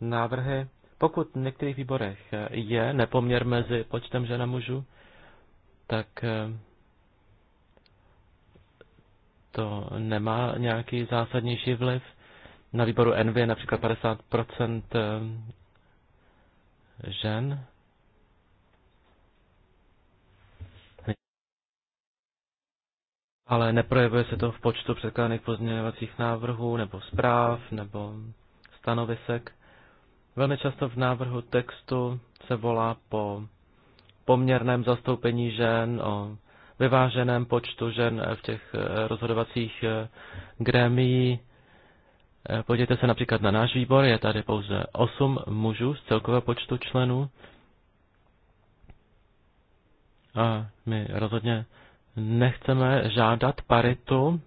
návrhy. Pokud v některých výborech eh, je nepoměr mezi počtem žen a mužů, tak to nemá nějaký zásadnější vliv. Na výboru NV je například 50% eh, žen. Ale neprojevuje se to v počtu předkládaných pozměňovacích návrhů, nebo zpráv, nebo stanovisek. Velmi často v návrhu textu se volá po poměrném zastoupení žen, o vyváženém počtu žen v těch eh, rozhodovacích eh, grémií. Eh, podívejte se například na náš výbor, je tady pouze 8 mužů z celkového počtu členů. A my rozhodně nechceme žádat paritu,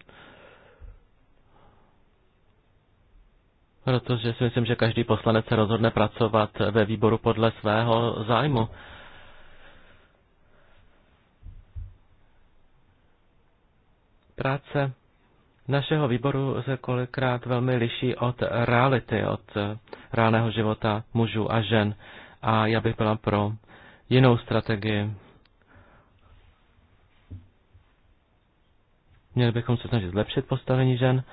protože si myslím, že každý poslanec se rozhodne pracovat ve výboru podle svého zájmu. Práce našeho výboru se kolikrát velmi liší od reality, od eh, reálného života mužů a žen. A já bych byla pro jinou strategii. Měli bychom se snažit zlepšit postavení žen.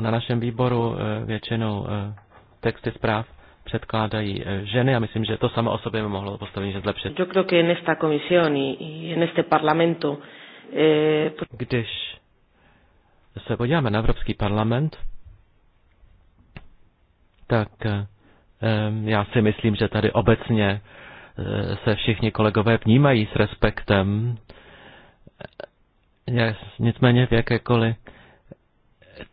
Na našem výboru eh, většinou eh, texty zpráv předkládají eh, ženy a myslím, že to samo o sobě by mohlo postavení že zlepšit. Yo creo que en esta comisión y, en este parlamento, eh... Když se podíváme na Evropský parlament, tak eh, já si myslím, že tady obecně eh, se všichni kolegové vnímají s respektem. Nicméně v jakékoliv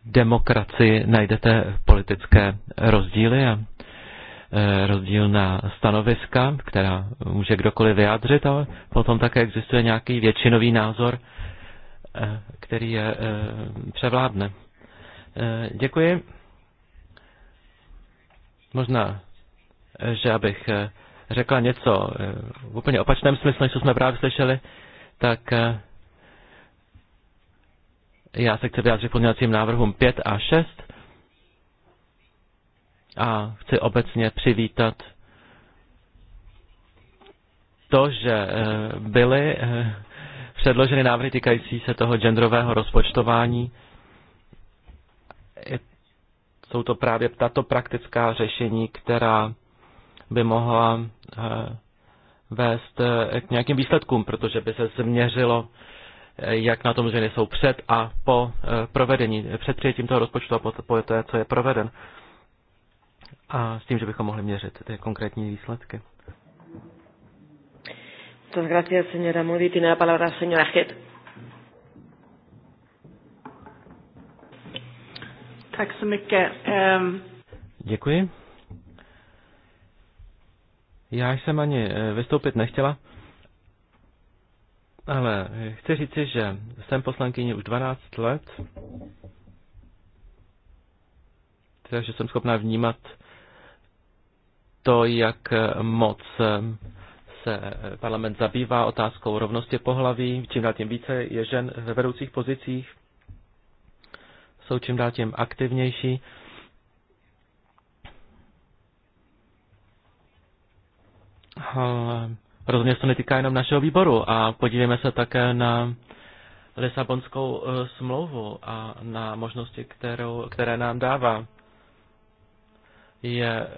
demokracii najdete politické rozdíly a Eh, rozdílná stanoviska, která může kdokoliv vyjádřit, ale potom také existuje nějaký většinový názor, eh, který je eh, převládne. Děkuji. Možná, že abych řekla něco v úplně opačném smyslu, než co jsme právě slyšeli, tak já se chci vyjádřit k pozměňovacím návrhům 5 a 6 a chci obecně přivítat to, že eh, byly eh, předloženy návrhy týkající se toho genderového rozpočtování. Jsou to právě tato praktická řešení, která by mohla eh, vést k nějakým výsledkům, protože by se změřilo, jak na tom ženy jsou před a po provedení, před přijetím toho rozpočtu a po, té, co je proveden a s tím, že bychom mohli měřit ty konkrétní výsledky. Muchas gracias, señora Moody. Tiene la palabra señora Head. Tak så mycket. Děkuji. Já jsem ani eh, vystoupit nechtěla, ale chci říci, že jsem poslankyně už 12 let, takže jsem schopná vnímat to, jak moc se parlament zabývá otázkou rovnosti pohlaví, čím dál tím více je žen ve vedoucích pozicích, jsou čím dál tím aktivnější. Ale rozhodně se to netýká jenom našeho výboru a podívejme se také na Lisabonskou eh, smlouvu a na možnosti, kterou, které nám dává je eh,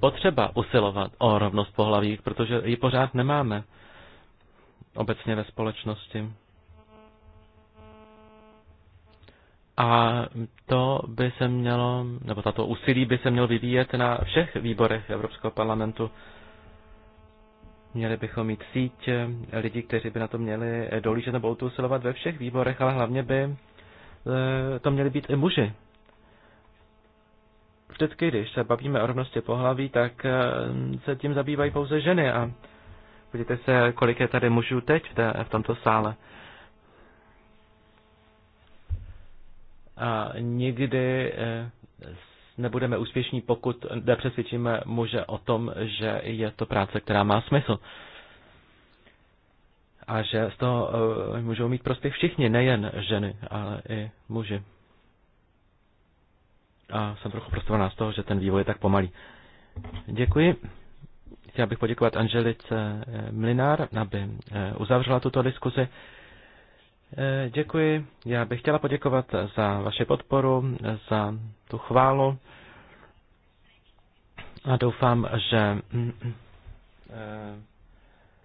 potřeba usilovat o rovnost pohlaví, protože ji pořád nemáme obecně ve společnosti. A to by se mělo, nebo tato úsilí by se mělo vyvíjet na všech výborech Evropského parlamentu. Měli bychom mít síť eh, lidí, kteří by na to měli eh, dolížet nebo usilovat ve všech výborech, ale hlavně by to měli být i muži, vždycky, když se bavíme o rovnosti pohlaví, tak eh, se tím zabývají pouze ženy a podívejte se, kolik je tady mužů teď v, té, v tomto sále. A nikdy eh, nebudeme úspěšní, pokud nepřesvědčíme muže o tom, že je to práce, která má smysl. A že z toho eh, můžou mít prospěch všichni, nejen ženy, ale i muži a jsem trochu prostovaná z toho, že ten vývoj je tak pomalý. Děkuji. Chtěl bych poděkovat Angelice eh, Mlinár, aby eh, uzavřela tuto diskuzi. Eh, děkuji. Já bych chtěla poděkovat za vaši podporu, za tu chválu a doufám, že mm, mm,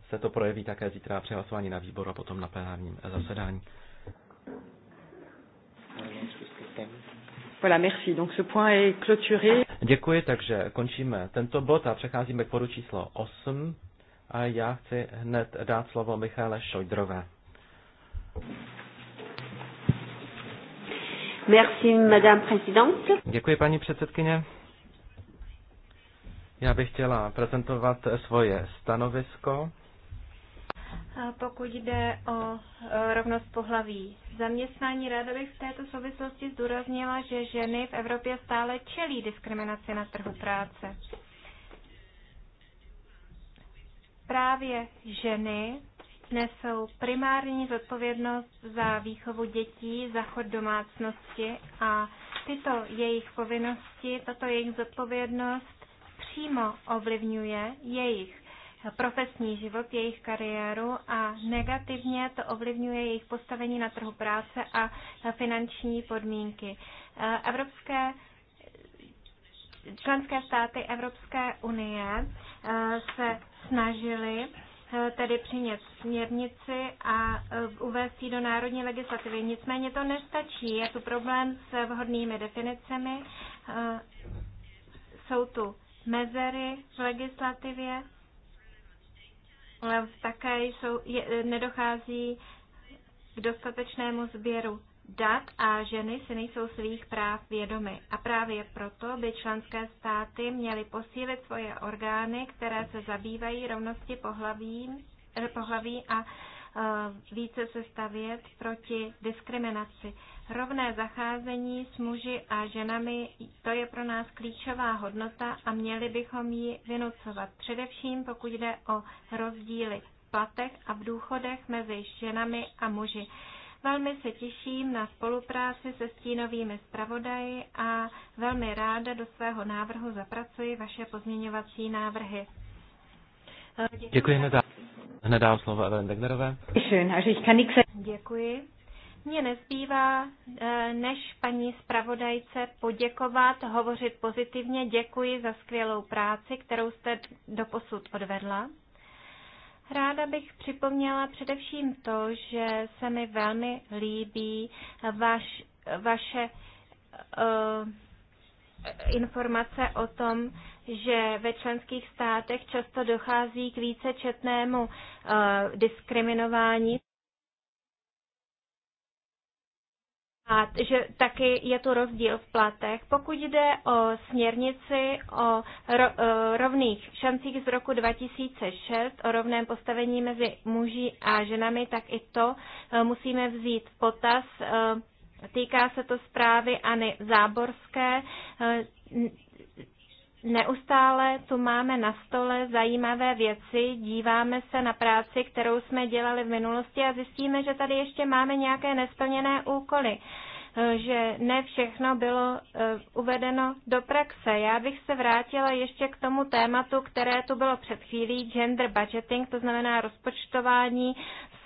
se to projeví také zítra při hlasování na výboru a potom na plenárním zasedání. Thank you. Voilà, merci. Donc ce point est clôturé. Děkuji, takže končíme tento bod a přecházíme k bodu číslo 8. A já chci hned dát slovo Michále Šojdrové. Merci, madame présidente. Děkuji, paní předsedkyně. Já bych chtěla prezentovat svoje stanovisko pokud jde o e, rovnost pohlaví zaměstnání, ráda bych v této souvislosti zdůraznila, že ženy v Evropě stále čelí diskriminaci na trhu práce. Právě ženy nesou primární zodpovědnost za výchovu dětí, za chod domácnosti a tyto jejich povinnosti, tato jejich zodpovědnost přímo ovlivňuje jejich profesní život, jejich kariéru a negativně to ovlivňuje jejich postavení na trhu práce a finanční podmínky. E, Evropské členské státy Evropské unie e, se snažily e, tedy přinět směrnici a uvést ji do národní legislativy. Nicméně to nestačí. Je tu problém s vhodnými definicemi, jsou tu mezery v legislativě také jsou, je, nedochází k dostatečnému sběru dat a ženy si nejsou svých práv vědomy. A právě proto by členské státy měly posílit svoje orgány, které se zabývají rovnosti pohlaví, pohlaví a e, více se stavět proti diskriminaci. Rovné zacházení s muži a ženami, to je pro nás klíčová hodnota a měli bychom ji vynucovat, především pokud jde o rozdíly v platech a v důchodech mezi ženami a muži. Velmi se těším na spolupráci se stínovými zpravodaji a velmi ráda do svého návrhu zapracuji vaše pozměňovací návrhy. Děkuji, Děkuji hned dám slovo Evelyn Degnerové. Děkuji. Mně vlastně nezbývá, eh, než paní zpravodajce poděkovat, hovořit pozitivně. Děkuji za skvělou práci, kterou jste doposud odvedla. Ráda bych připomněla především to, že se mi velmi líbí vaš, vaše uh, informace o tom, že ve členských státech často dochází k vícečetnému uh, diskriminování. a že taky je tu rozdíl v platech. Pokud jde o směrnici o e, rovných šancích z roku 2006, o rovném postavení mezi muži a ženami, tak i to e, musíme vzít v potaz. E, týká se to zprávy Ani Záborské. Neustále tu máme na stole zajímavé věci, díváme se na práci, kterou jsme dělali v minulosti a zjistíme, že tady ještě máme nějaké nesplněné úkoly eh, že ne všechno bylo eh, uvedeno do praxe. Já bych se vrátila ještě k tomu tématu, které tu bylo před chvílí, gender budgeting, to znamená rozpočtování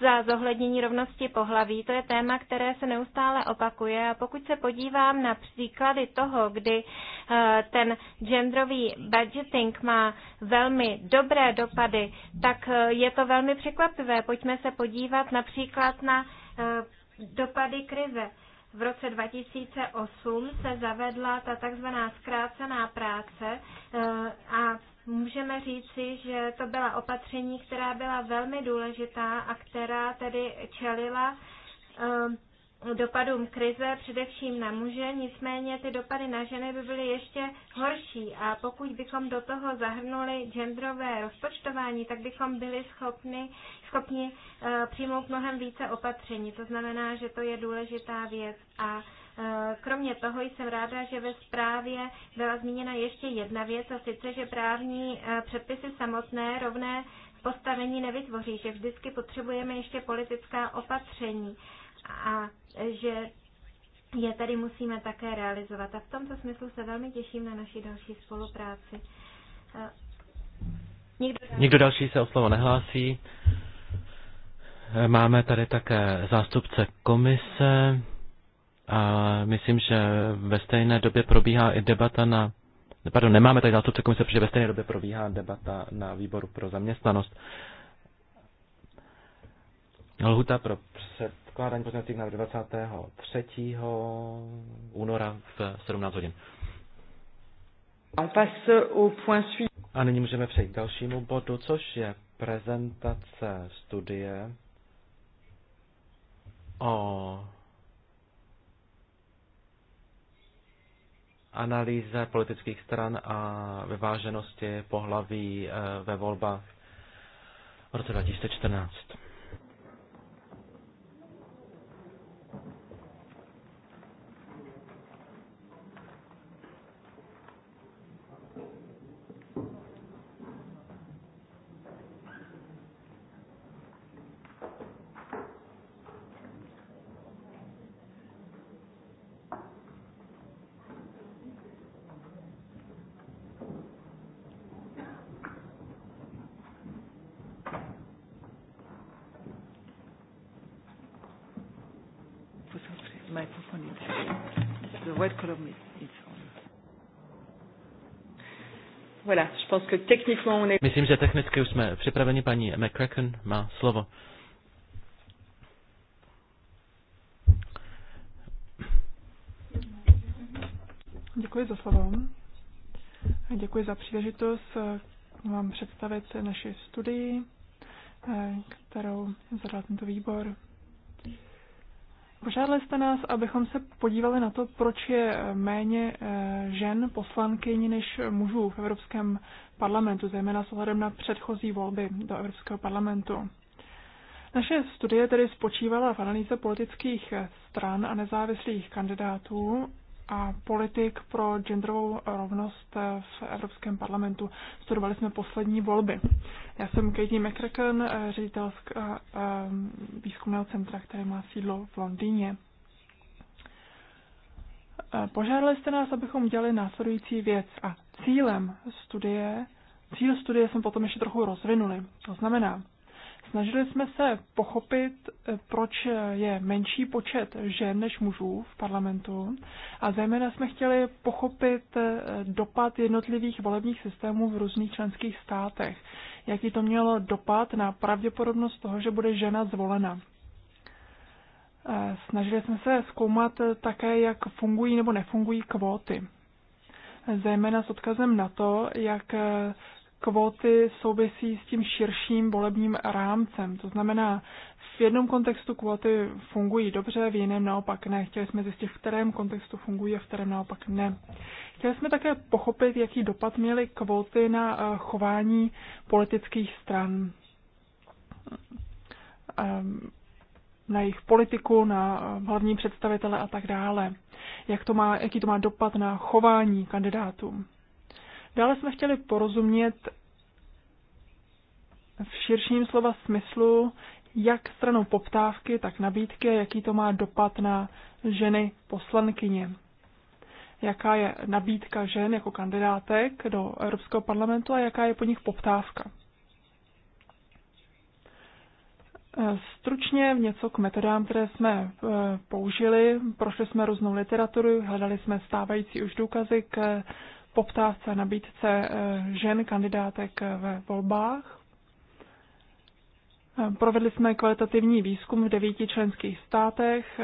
za zohlednění rovnosti pohlaví. To je téma, které se neustále opakuje a pokud se podívám na příklady toho, kdy eh, ten genderový budgeting má velmi dobré dopady, tak eh, je to velmi překvapivé. Pojďme se podívat například na eh, dopady krize. V roce 2008 se zavedla ta takzvaná zkrácená práce a můžeme říci, že to byla opatření, která byla velmi důležitá a která tedy čelila ehm, dopadům krize, především na muže, nicméně ty dopady na ženy by byly ještě horší a pokud bychom do toho zahrnuli genderové rozpočtování, tak bychom byli schopni, schopni eh, přijmout mnohem více opatření. To znamená, že to je důležitá věc a Eh, kromě toho jsem ráda, že ve zprávě byla zmíněna ještě jedna věc, a sice, že právní eh, předpisy samotné rovné postavení nevytvoří, že vždycky potřebujeme ještě politická opatření a že je tady musíme také realizovat. A v tomto smyslu se velmi těším na naši další spolupráci. Eh, nikdo další, Nikdo další se o slovo nehlásí. Máme tady také zástupce komise. A myslím, že ve stejné době probíhá i debata na pardon, nemáme tady zástupce komise, protože ve stejné době probíhá debata na výboru pro zaměstnanost. Lhuta pro předkládání pozměňovacích návrhů 23. února v 17 hodin. A nyní můžeme přejít k dalšímu bodu, což je prezentace studie o analýze politických stran a vyváženosti pohlaví eh, ve volbách v roce 2014. Myslím, že technicky už jsme připraveni. Paní McCracken má slovo. Děkuji za slovo. Děkuji za příležitost eh, vám představit naši studii, eh, kterou zadal tento výbor Požádali jste nás, abychom se podívali na to, proč je méně eh, žen poslankyň než mužů v Evropském parlamentu, zejména s ohledem na předchozí volby do Evropského parlamentu. Naše studie tedy spočívala v analýze politických stran a nezávislých kandidátů a politik pro genderovou rovnost v Evropském parlamentu. Studovali jsme poslední volby. Já jsem Katie McCracken, eh, ředitelka eh, eh, výzkumného centra, které má sídlo v Londýně. Požádali jste nás, abychom dělali následující věc a cílem studie, cíl studie jsme potom ještě trochu rozvinuli. To znamená, Snažili jsme se pochopit, eh, proč eh, je menší počet žen než mužů v parlamentu a zejména jsme chtěli pochopit eh, dopad jednotlivých volebních systémů v různých členských státech, jaký to mělo dopad na pravděpodobnost toho, že bude žena zvolena. Snažili jsme se zkoumat také, jak fungují nebo nefungují kvóty. Zejména s odkazem na to, jak kvóty souvisí s tím širším volebním rámcem. To znamená, v jednom kontextu kvóty fungují dobře, v jiném naopak ne. Chtěli jsme zjistit, v kterém kontextu fungují a v kterém naopak ne. Chtěli jsme také pochopit, jaký dopad měly kvóty na eh, chování politických stran, ehm, na jejich politiku, na eh, hlavní představitele a tak dále. Jak to má, jaký to má dopad na chování kandidátům. Dále jsme chtěli porozumět v širším slova smyslu, jak stranou poptávky, tak nabídky, jaký to má dopad na ženy poslankyně. Jaká je nabídka žen jako kandidátek do Evropského parlamentu a jaká je po nich poptávka. Stručně něco k metodám, které jsme eh, použili. Prošli jsme různou literaturu, hledali jsme stávající už důkazy k poptávce nabídce eh, žen kandidátek eh, ve volbách. Eh, provedli jsme kvalitativní výzkum v devíti členských státech,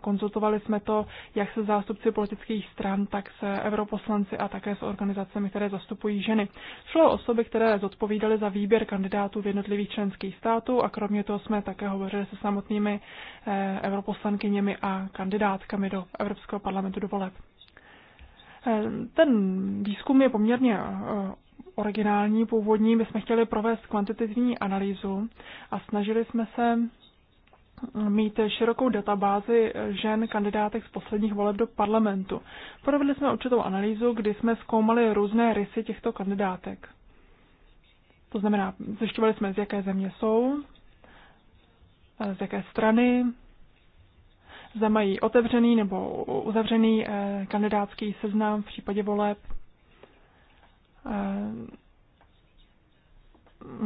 konzultovali jsme to jak se zástupci politických stran, tak se europoslanci a také s organizacemi, které zastupují ženy. Šlo o osoby, které zodpovídaly za výběr kandidátů v jednotlivých členských států a kromě toho jsme také hovořili se samotnými europoslankyněmi a kandidátkami do Evropského parlamentu do voleb. Eh, ten výzkum je poměrně eh, originální, původní. My jsme chtěli provést kvantitativní analýzu a snažili jsme se mm, mít širokou databázi eh, žen kandidátek z posledních voleb do parlamentu. Provedli jsme určitou analýzu, kdy jsme zkoumali různé rysy těchto kandidátek. To znamená, zjišťovali jsme, z jaké země jsou, z jaké strany, zda mají otevřený nebo uzavřený eh, kandidátský seznam v případě voleb. Eh,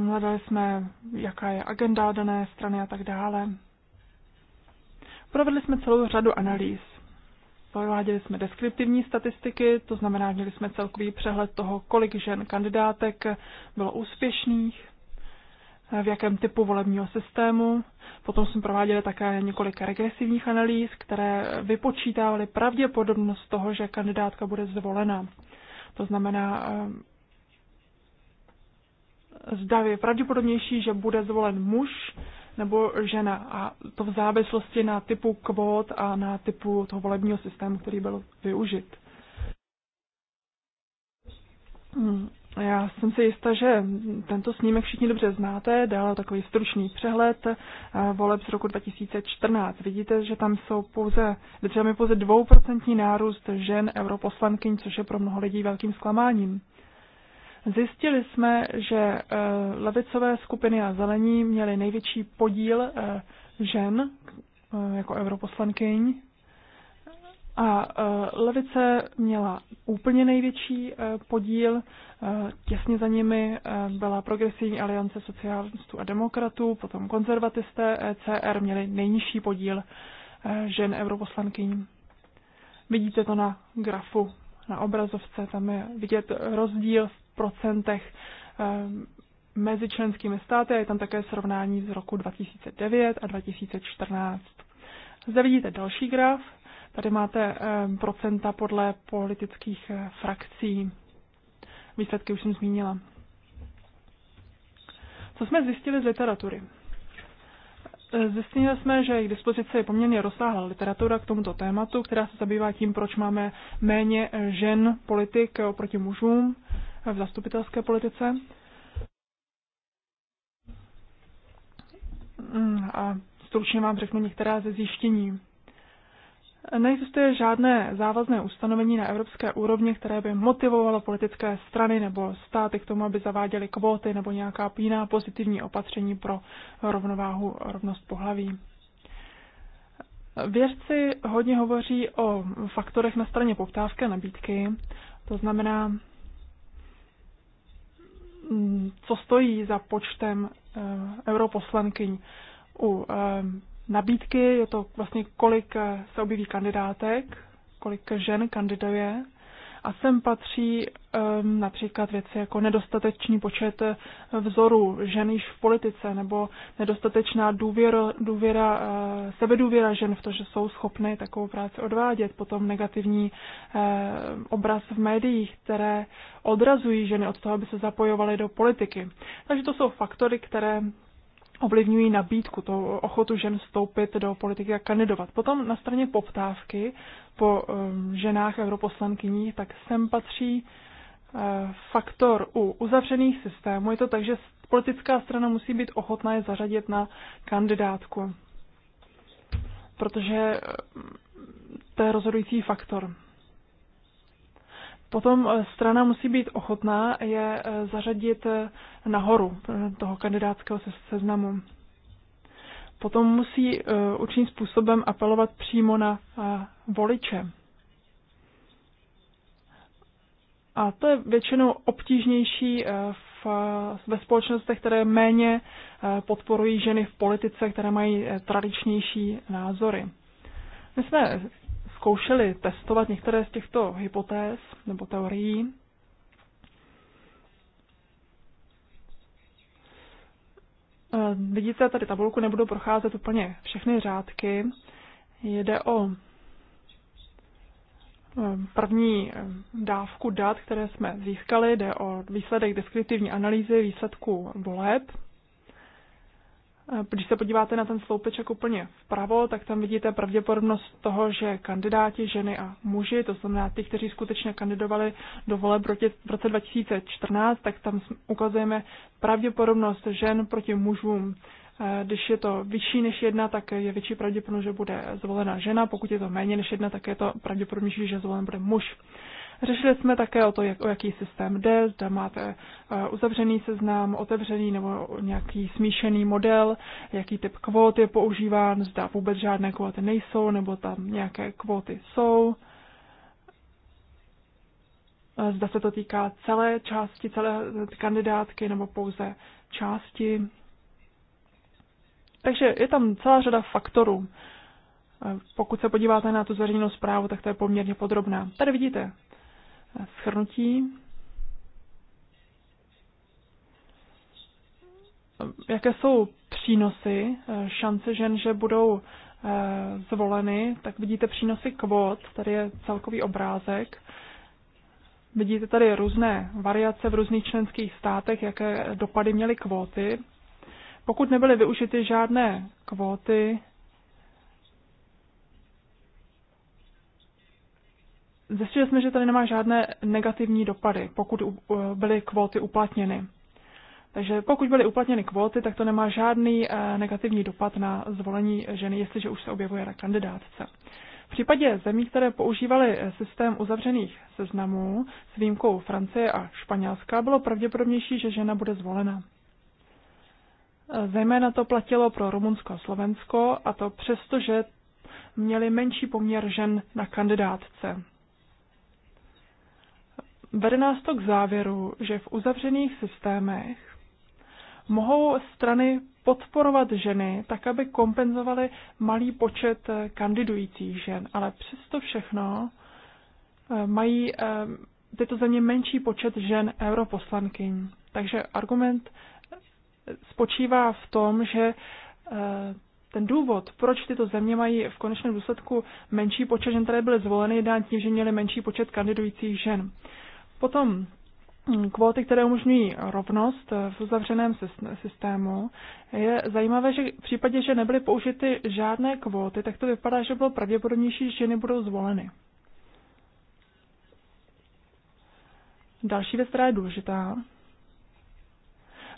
hledali jsme, jaká je agenda dané strany a tak dále. Provedli jsme celou řadu analýz. Prováděli jsme deskriptivní statistiky, to znamená, měli jsme celkový přehled toho, kolik žen kandidátek bylo úspěšných, v jakém typu volebního systému. Potom jsme prováděli také několik regresivních analýz, které vypočítávaly pravděpodobnost toho, že kandidátka bude zvolena. To znamená, eh, zda je pravděpodobnější, že bude zvolen muž nebo žena. A to v závislosti na typu kvót a na typu toho volebního systému, který byl využit. Hmm. Já jsem si jistá, že tento snímek všichni dobře znáte, dal takový stručný přehled eh, voleb z roku 2014. Vidíte, že tam jsou pouze, třeba je pouze dvouprocentní nárůst žen europoslankyň, což je pro mnoho lidí velkým zklamáním. Zjistili jsme, že eh, levicové skupiny a zelení měly největší podíl eh, žen jako europoslankyň a e, levice měla úplně největší e, podíl, e, těsně za nimi byla progresivní aliance sociálistů a demokratů, potom konzervatisté ECR měli nejnižší podíl žen europoslankyní. Vidíte to na grafu, na obrazovce, tam je vidět rozdíl v procentech mezi členskými státy a je tam také srovnání z roku 2009 a 2014. Zde vidíte další graf, Tady máte eh, procenta podle politických eh, frakcí. Výsledky už jsem zmínila. Co jsme zjistili z literatury? Eh, zjistili jsme, že k dispozici je poměrně rozsáhlá literatura k tomuto tématu, která se zabývá tím, proč máme méně žen politik oproti mužům v zastupitelské politice. Mm, a stručně vám řeknu některá ze zjištění. Neexistuje žádné závazné ustanovení na evropské úrovni, které by motivovalo politické strany nebo státy k tomu, aby zaváděly kvóty nebo nějaká jiná pozitivní opatření pro rovnováhu rovnost pohlaví. Věřci hodně hovoří o faktorech na straně poptávky a nabídky, to znamená, co stojí za počtem eh, europoslankyň u eh, nabídky, je to vlastně kolik eh, se objeví kandidátek, kolik žen kandiduje. A sem patří um, například věci jako nedostatečný počet eh, vzorů žen již v politice nebo nedostatečná důvěra, důvěra, uh, eh, sebedůvěra žen v to, že jsou schopny takovou práci odvádět, potom negativní uh, obraz v médiích, které odrazují ženy od toho, aby se zapojovaly do politiky. Takže to jsou faktory, které ovlivňují nabídku, to ochotu žen vstoupit do politiky a kandidovat. Potom na straně poptávky po um, ženách europoslankyních, tak sem patří uh, faktor u uzavřených systémů. Je to tak, že politická strana musí být ochotná je zařadit na kandidátku, protože uh, to je rozhodující faktor potom eh, strana musí být ochotná je eh, zařadit eh, nahoru toho kandidátského seznamu. Potom musí určitým způsobem apelovat přímo na voliče. A to je většinou obtížnější v, ve společnostech, které méně podporují ženy v politice, které mají tradičnější názory. My jsme zkoušeli testovat některé z těchto hypotéz nebo teorií. Eh, vidíte tady tabulku, nebudu procházet úplně všechny řádky. Jde o eh, první eh, dávku dat, které jsme získali. Jde o výsledek deskriptivní analýzy výsledků voleb když se podíváte na ten sloupeček úplně vpravo, tak tam vidíte pravděpodobnost toho, že kandidáti, ženy a muži, to znamená ty, kteří skutečně kandidovali do voleb v roce 2014, tak tam ukazujeme pravděpodobnost žen proti mužům. E, když je to vyšší než jedna, tak je větší pravděpodobnost, že bude zvolena žena, pokud je to méně než jedna, tak je to pravděpodobnější, že zvolen bude muž. Řešili jsme také o to, jak, o jaký systém jde, zda máte eh, uzavřený seznam, otevřený nebo nějaký smíšený model, jaký typ kvót je používán, zda vůbec žádné kvóty nejsou, nebo tam nějaké kvóty jsou. Eh, zda se to týká celé části, celé eh, kandidátky nebo pouze části. Takže je tam celá řada faktorů. Pokud se podíváte na tu zveřejněnou zprávu, tak to je poměrně podrobná. Tady vidíte schrnutí. Jaké jsou přínosy, eh, šance žen, že budou eh, zvoleny, tak vidíte přínosy kvot. tady je celkový obrázek. Vidíte tady různé variace v různých členských státech, jaké dopady měly kvóty. Pokud nebyly využity žádné kvóty, Zjistili jsme, že tady nemá žádné negativní dopady, pokud byly kvóty uplatněny. Takže pokud byly uplatněny kvóty, tak to nemá žádný eh, negativní dopad na zvolení ženy, jestliže už se objevuje na kandidátce. V případě zemí, které používaly eh, systém uzavřených seznamů s výjimkou Francie a Španělska, bylo pravděpodobnější, že žena bude zvolena. Eh, zejména to platilo pro Rumunsko a Slovensko, a to přesto, že měli menší poměr žen na kandidátce. Vede nás to k závěru, že v uzavřených systémech mohou strany podporovat ženy tak, aby kompenzovaly malý počet eh, kandidujících žen, ale přesto všechno eh, mají eh, tyto země menší počet žen europoslankyň. Takže argument spočívá v tom, že ten důvod, proč tyto země mají v konečném důsledku menší počet žen, které byly zvoleny, je dán tím, že měly menší počet kandidujících žen. Potom mm, kvóty, které umožňují rovnost eh, v uzavřeném systému. Je zajímavé, že v případě, že nebyly použity žádné kvóty, tak to vypadá, že bylo pravděpodobnější, že ženy budou zvoleny. Další věc, která je důležitá.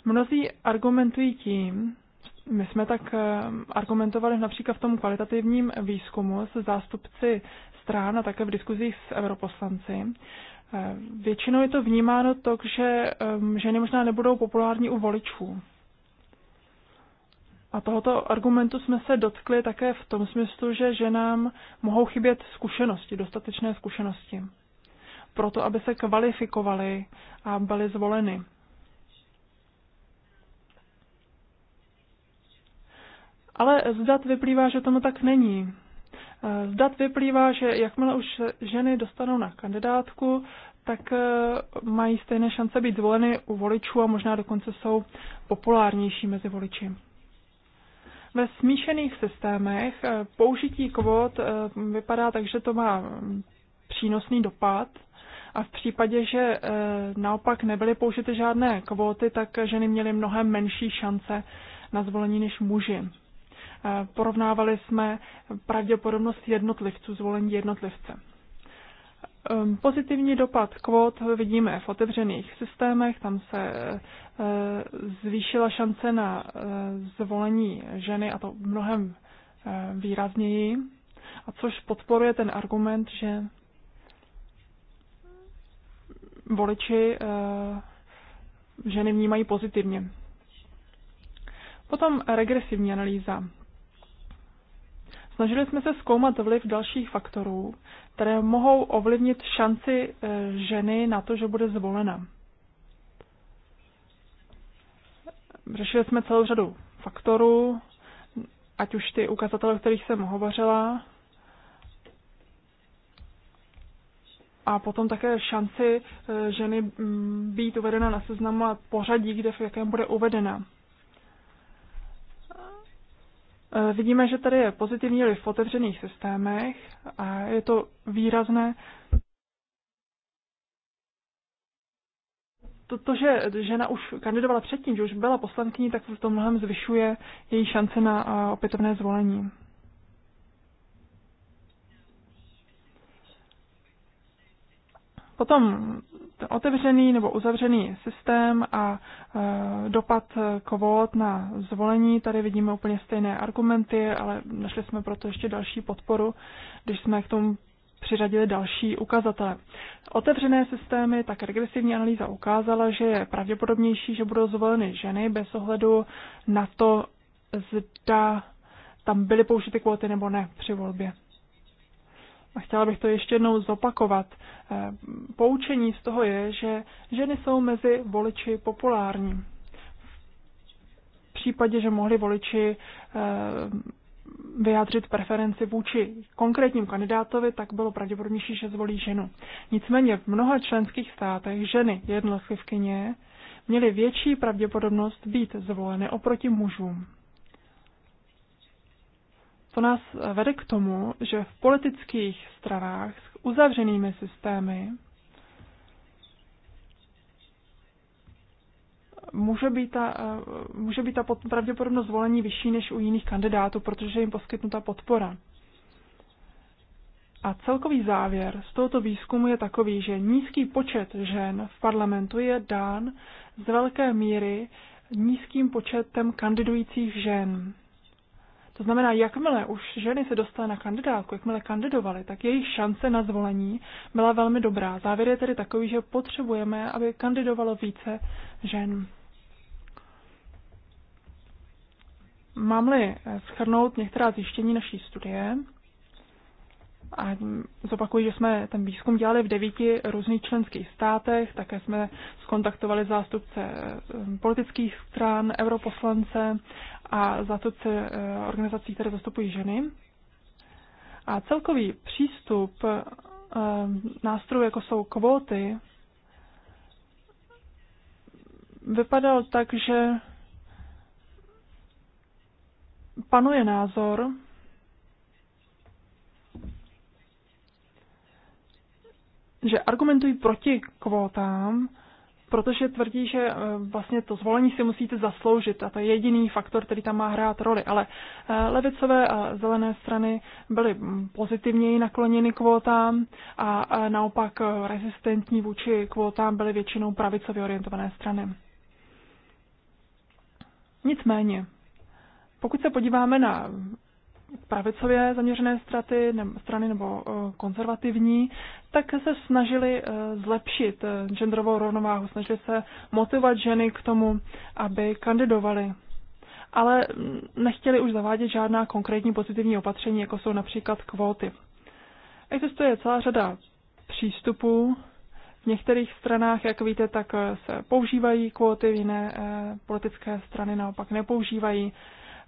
Mnozí argumentují tím, my jsme tak eh, argumentovali například v tom kvalitativním výzkumu se zástupci strán a také v diskuzích s europoslanci, Eh, většinou je to vnímáno tak, že ženy možná nebudou populární u voličů. A tohoto argumentu jsme se dotkli také v tom smyslu, že ženám mohou chybět zkušenosti, dostatečné zkušenosti, proto aby se kvalifikovaly a byly zvoleny. Ale zdat vyplývá, že tomu tak není. Eh, z dat vyplývá, že jakmile už ženy dostanou na kandidátku, tak eh, mají stejné šance být zvoleny u voličů a možná dokonce jsou populárnější mezi voliči. Ve smíšených systémech eh, použití kvót vypadá tak, že to má mm, přínosný dopad a v případě, že naopak nebyly použity žádné kvóty, tak ženy měly mnohem menší šance na zvolení než muži. Eh, porovnávali jsme pravděpodobnost jednotlivců, zvolení jednotlivce. Ehm, pozitivní dopad kvót vidíme v otevřených systémech, tam se eh, zvýšila šance na eh, zvolení ženy a to mnohem výrazněji, a což podporuje ten argument, že voliči ženy vnímají pozitivně. Potom regresivní analýza. Snažili jsme se zkoumat vliv dalších faktorů, které mohou ovlivnit šanci eh, ženy na to, že bude zvolena. Řešili jsme celou řadu faktorů, ať už ty ukazatele, o kterých jsem hovořila, a potom také šanci eh, ženy mm, být uvedena na seznamu a pořadí, kde v jakém bude uvedena. Eh, vidíme, že tady je pozitivní liv v otevřených systémech a je to výrazné. To, to, že žena už kandidovala předtím, že už byla poslankyní, tak to mnohem zvyšuje její šance na eh, opětovné zvolení. Potom otevřený nebo uzavřený systém a e, dopad e, kvót na zvolení. Tady vidíme úplně stejné argumenty, ale našli jsme proto ještě další podporu, když jsme k tomu přiřadili další ukazatele. Otevřené systémy, tak regresivní analýza ukázala, že je pravděpodobnější, že budou zvoleny ženy bez ohledu na to, zda tam byly použity kvóty nebo ne při volbě a chtěla bych to ještě jednou zopakovat. Eh, poučení z toho je, že ženy jsou mezi voliči populární. V případě, že mohli voliči eh, vyjádřit preferenci vůči konkrétním kandidátovi, tak bylo pravděpodobnější, že zvolí ženu. Nicméně v mnoha členských státech ženy jednotlivkyně měly větší pravděpodobnost být zvoleny oproti mužům. To nás vede k tomu, že v politických stranách s uzavřenými systémy může být ta, eh, může být ta pravděpodobnost zvolení vyšší než u jiných kandidátů, protože jim poskytnuta podpora. A celkový závěr z tohoto výzkumu je takový, že nízký počet žen v parlamentu je dán z velké míry nízkým početem kandidujících žen. To znamená, jakmile už ženy se dostaly na kandidátku, jakmile kandidovaly, tak jejich šance na zvolení byla velmi dobrá. Závěr je tedy takový, že potřebujeme, aby kandidovalo více žen. Mám-li schrnout některá zjištění naší studie, a zopakuji, že jsme ten výzkum dělali v devíti různých členských státech, také jsme skontaktovali zástupce eh, politických stran, europoslance a zástupce eh, organizací, které zastupují ženy. A celkový přístup eh, nástrojů, jako jsou kvóty, vypadal tak, že panuje názor, že argumentují proti kvótám, protože tvrdí, že eh, vlastně to zvolení si musíte zasloužit a to je jediný faktor, který tam má hrát roli. Ale eh, levicové a zelené strany byly mm, pozitivněji nakloněny kvótám a naopak eh, rezistentní vůči kvótám byly většinou pravicově orientované strany. Nicméně, pokud se podíváme na pravicově zaměřené straty, ne, strany nebo eh, konzervativní, tak se snažili eh, zlepšit eh, genderovou rovnováhu, snažili se motivovat ženy k tomu, aby kandidovali. Ale mm, nechtěli už zavádět žádná konkrétní pozitivní opatření, jako jsou například kvóty. Existuje celá řada přístupů. V některých stranách, jak víte, tak se používají kvóty, v jiné politické strany naopak nepoužívají.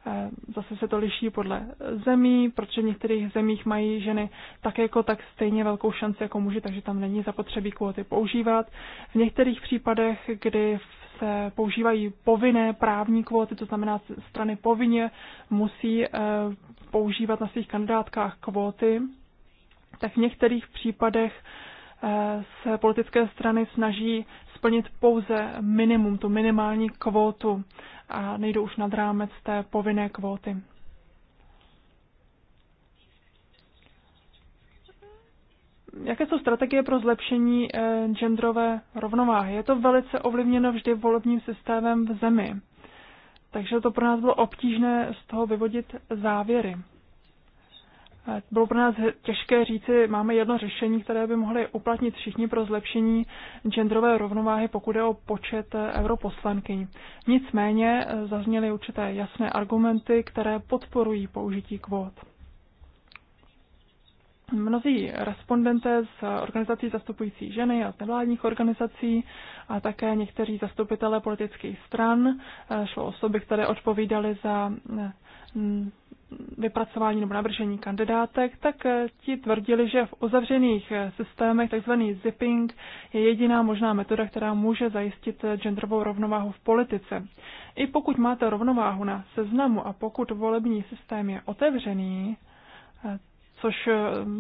Eh, zase se to liší podle zemí, protože v některých zemích mají ženy tak jako tak stejně velkou šanci jako muži, takže tam není zapotřebí kvóty používat. V některých případech, kdy se používají povinné právní kvóty, to znamená strany povinně musí eh, používat na svých kandidátkách kvóty, tak v některých případech eh, se politické strany snaží splnit pouze minimum, tu minimální kvótu a nejdou už nad rámec té povinné kvóty. Jaké jsou strategie pro zlepšení eh, genderové rovnováhy? Je to velice ovlivněno vždy volebním systémem v zemi. Takže to pro nás bylo obtížné z toho vyvodit závěry. Bylo pro nás těžké říci, máme jedno řešení, které by mohli uplatnit všichni pro zlepšení genderové rovnováhy, pokud je o počet eh, europoslanky. Nicméně eh, zazněly určité jasné argumenty, které podporují použití kvót. Mnozí respondenté z organizací zastupující ženy a z nevládních organizací a také někteří zastupitelé politických stran, eh, šlo osoby, které odpovídaly za vypracování nebo navržení kandidátek, tak eh, ti tvrdili, že v uzavřených eh, systémech tzv. zipping je jediná možná metoda, která může zajistit eh, genderovou rovnováhu v politice. I pokud máte rovnováhu na seznamu a pokud volební systém je otevřený, což eh,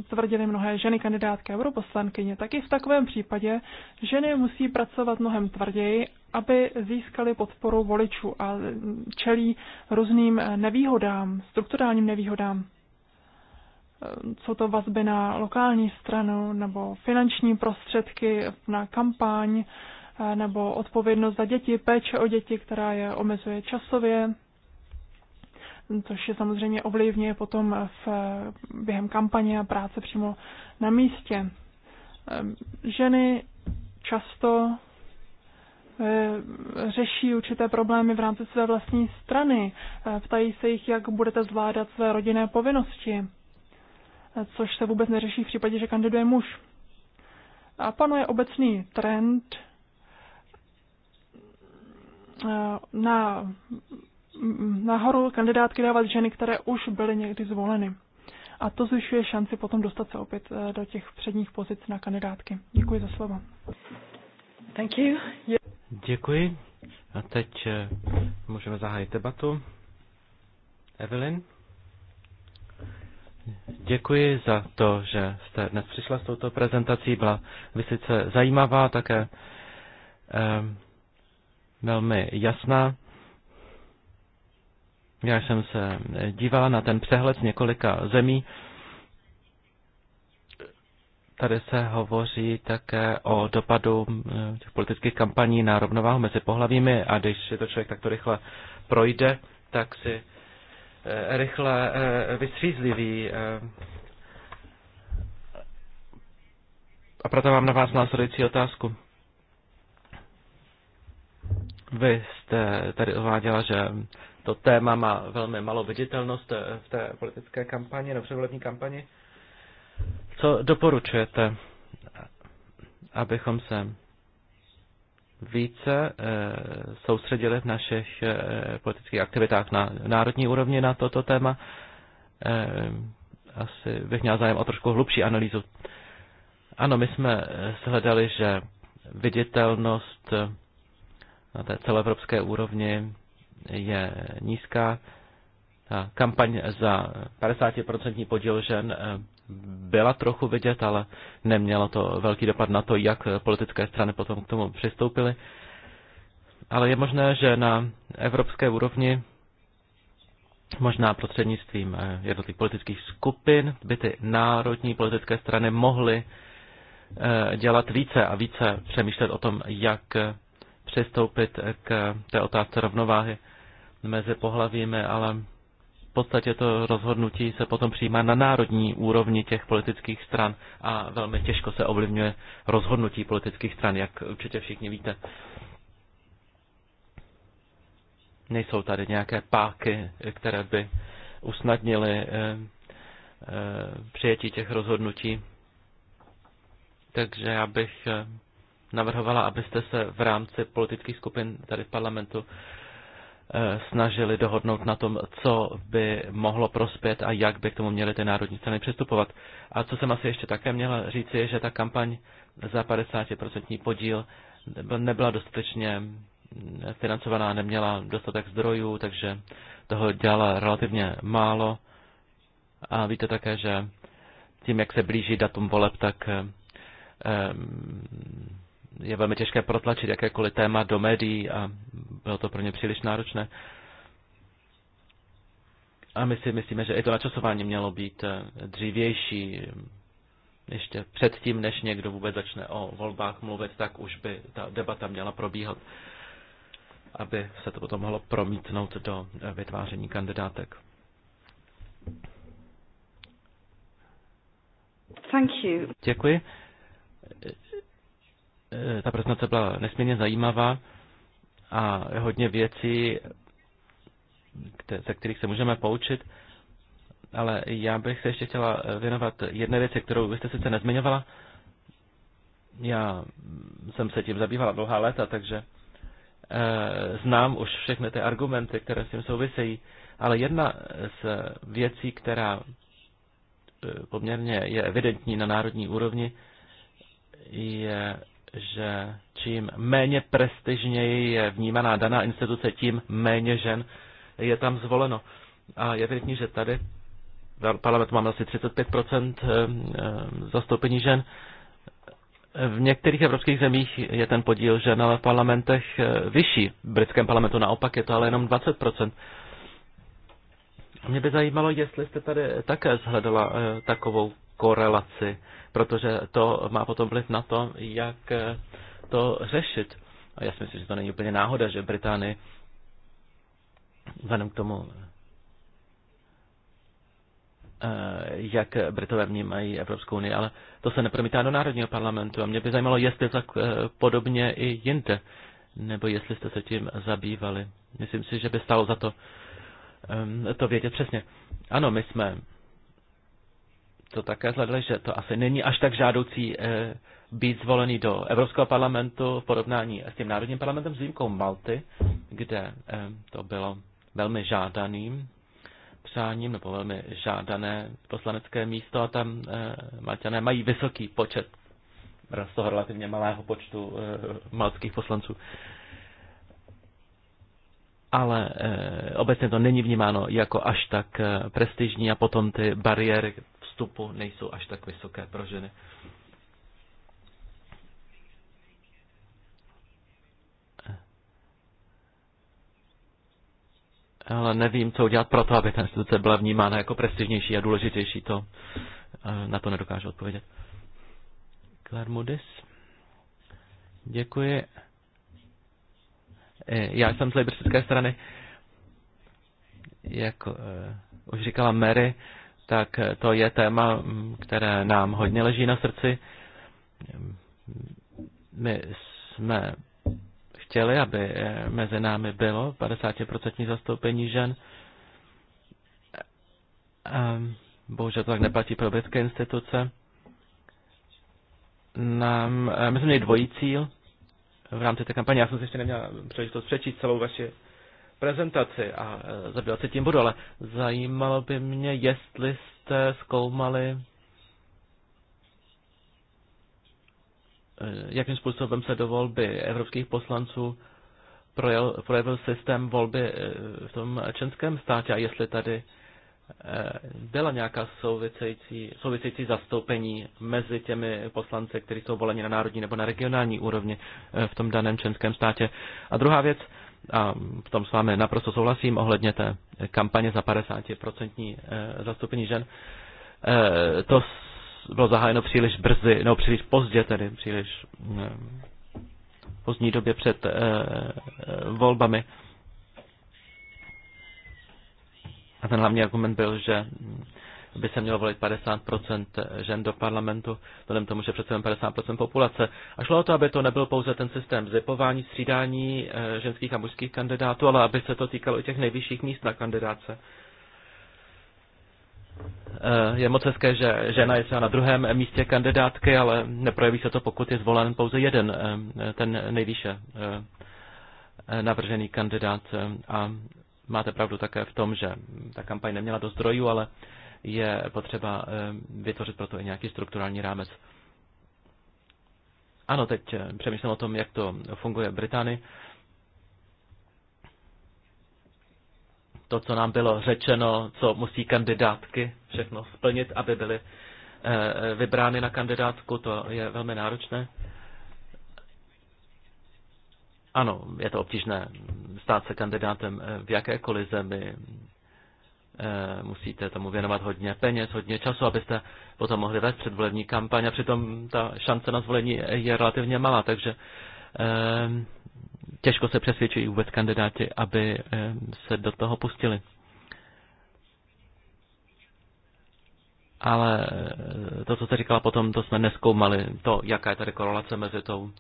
tvrdili mnohé ženy kandidátky europoslankyně, tak i v takovém případě ženy musí pracovat mnohem tvrději, aby získaly podporu voličů a čelí různým eh, nevýhodám, strukturálním nevýhodám. Eh, jsou to vazby na lokální stranu nebo finanční prostředky na kampaň nebo odpovědnost za děti, péče o děti, která je omezuje časově, což je samozřejmě ovlivňuje potom v, během kampaně a práce přímo na místě. Ehm, ženy často eh, řeší určité problémy v rámci své vlastní strany. Eh, ptají se jich, jak budete zvládat své rodinné povinnosti, eh, což se vůbec neřeší v případě, že kandiduje muž. A panuje obecný trend na nahoru kandidátky dávat ženy, které už byly někdy zvoleny. A to zvyšuje šanci potom dostat se opět eh, do těch předních pozic na kandidátky. Děkuji za slovo. Thank you. Děkuji. A teď eh, můžeme zahájit debatu. Evelyn? Děkuji za to, že jste dnes přišla s touto prezentací. Byla vysice zajímavá, také eh, velmi jasná. Já jsem se dívala na ten přehled z několika zemí. Tady se hovoří také o dopadu eh, těch politických kampaní na rovnováhu mezi pohlavími a když si to člověk takto rychle projde, tak si eh, rychle eh, vystřízlivý. A proto mám na vás následující otázku. Vy jste tady uváděla, že to téma má velmi malou viditelnost eh, v té politické kampani, nebo předvolební kampani. Co doporučujete, abychom se více eh, soustředili v našich eh, politických aktivitách na národní úrovni na toto téma? Asi bych měl zájem o trošku hlubší analýzu. Ano, my jsme shledali, že viditelnost na té celoevropské úrovni je nízká. Ta kampaň za 50% podíl žen eh, byla trochu vidět, ale nemělo to velký dopad na to, jak politické strany potom k tomu přistoupily. Ale je možné, že na evropské úrovni možná prostřednictvím eh, jednotlivých politických skupin by ty národní politické strany mohly eh, dělat více a více přemýšlet o tom, jak přistoupit k té otázce rovnováhy mezi pohlavími, ale v podstatě to rozhodnutí se potom přijímá na národní úrovni těch politických stran a velmi těžko se ovlivňuje rozhodnutí politických stran, jak určitě všichni víte. Nejsou tady nějaké páky, které by usnadnily eh, eh, přijetí těch rozhodnutí. Takže já bych eh, navrhovala, abyste se v rámci politických skupin tady v parlamentu Eh, snažili dohodnout na tom, co by mohlo prospět a jak by k tomu měly ty národní strany přistupovat. A co jsem asi ještě také měla říci, je, že ta kampaň za 50% podíl nebyla dostatečně financovaná, neměla dostatek zdrojů, takže toho dělala relativně málo. A víte také, že tím, jak se blíží datum voleb, tak eh, je velmi těžké protlačit jakékoliv téma do médií a bylo to pro ně příliš náročné. A my si myslíme, že i to načasování mělo být eh, dřívější, ještě předtím, než někdo vůbec začne o volbách mluvit, tak už by ta debata měla probíhat, aby se to potom mohlo promítnout do eh, vytváření kandidátek. Thank you. Děkuji. Eh, ta prezentace byla nesmírně zajímavá a hodně věcí, ze kterých se můžeme poučit, ale já bych se ještě chtěla eh, věnovat jedné věci, kterou vy jste sice nezmiňovala. Já jsem se tím zabývala dlouhá léta, takže eh, znám už všechny ty argumenty, které s tím souvisejí, ale jedna z věcí, která eh, poměrně je evidentní na národní úrovni, je že čím méně prestižněji je vnímaná daná instituce, tím méně žen je tam zvoleno. A je vidět, že tady parlament máme asi 35% eh, eh, zastoupení žen. V některých evropských zemích je ten podíl žen ale v parlamentech eh, vyšší. V britském parlamentu naopak je to ale jenom 20%. Mě by zajímalo, jestli jste tady také zhledala takovou korelaci protože to má potom vliv na to, jak to řešit. A já si myslím, že to není úplně náhoda, že Británii vzhledem k tomu, eh, jak Britové vnímají Evropskou unii, ale to se nepromítá do Národního parlamentu a mě by zajímalo, jestli tak eh, podobně i jinde, nebo jestli jste se tím zabývali. Myslím si, že by stálo za to ehm, to vědět přesně. Ano, my jsme to také zhledli, že to asi není až tak žádoucí eh, být zvolený do Evropského parlamentu v porovnání s tím Národním parlamentem s výjimkou Malty, kde eh, to bylo velmi žádaným přáním nebo velmi žádané poslanecké místo a tam eh, Malťané mají vysoký počet z toho relativně malého počtu maltských poslanců. Ale obecně to není vnímáno jako až tak prestižní a potom ty bariéry, vstupu nejsou až tak vysoké pro ženy. Ale nevím, co udělat pro to, aby ta instituce byla vnímána jako prestižnější a důležitější. To, eh, na to nedokážu odpovědět. Claire Modis. Děkuji. Eh, já jsem z liberistické strany. Jak uh, eh, už říkala Mary, tak to je téma, mm, které nám hodně leží na srdci. My jsme chtěli, aby eh, mezi námi bylo 50% zastoupení žen. Bohužel to tak neplatí pro britské instituce. Nám, eh, my jsme měli dvojí cíl v rámci té kampaně. Já jsem si ještě neměl příležitost přečíst celou vaši prezentaci a e, zabývat se tím budu, ale zajímalo by mě, jestli jste zkoumali, e, jakým způsobem se do volby evropských poslanců projel, projevil systém volby e, v tom členském státě a jestli tady byla nějaká související, související zastoupení mezi těmi poslanci, kteří jsou voleni na národní nebo na regionální úrovni v tom daném členském státě. A druhá věc, a v tom s vámi naprosto souhlasím ohledně té kampaně za 50% eh, zastupení žen, eh, to bylo zahájeno příliš brzy, nebo příliš pozdě tedy, příliš eh, pozdní době před volbami. A ten hlavní argument byl, že by se mělo volit 50% žen do parlamentu, vzhledem tomu, že přece 50% populace. A šlo o to, aby to nebyl pouze ten systém zipování, střídání eh, ženských a mužských kandidátů, ale aby se to týkalo i těch nejvyšších míst na kandidáce. Eh, je moc hezké, že žena je třeba na druhém místě kandidátky, ale neprojeví se to, pokud je zvolen pouze jeden, eh, ten nejvýše navržený kandidát. A máte pravdu také v tom, že ta kampaň neměla dost zdrojů, ale je potřeba eh, vytvořit proto i nějaký strukturální rámec. Ano, teď eh, přemýšlím o tom, jak to funguje v Británii. To, co nám bylo řečeno, co musí kandidátky všechno splnit, aby byly eh, vybrány na kandidátku, to je velmi náročné. Ano, je to obtížné stát se kandidátem v jakékoliv zemi, Eh, musíte tomu věnovat hodně peněz, hodně času, abyste potom mohli vést předvolební kampaň a přitom ta šance na zvolení je relativně malá, takže eh, těžko se přesvědčují vůbec kandidáti, aby eh, se do toho pustili. Ale to, co jste říkala potom, to jsme neskoumali, to, jaká je tady korelace mezi tou,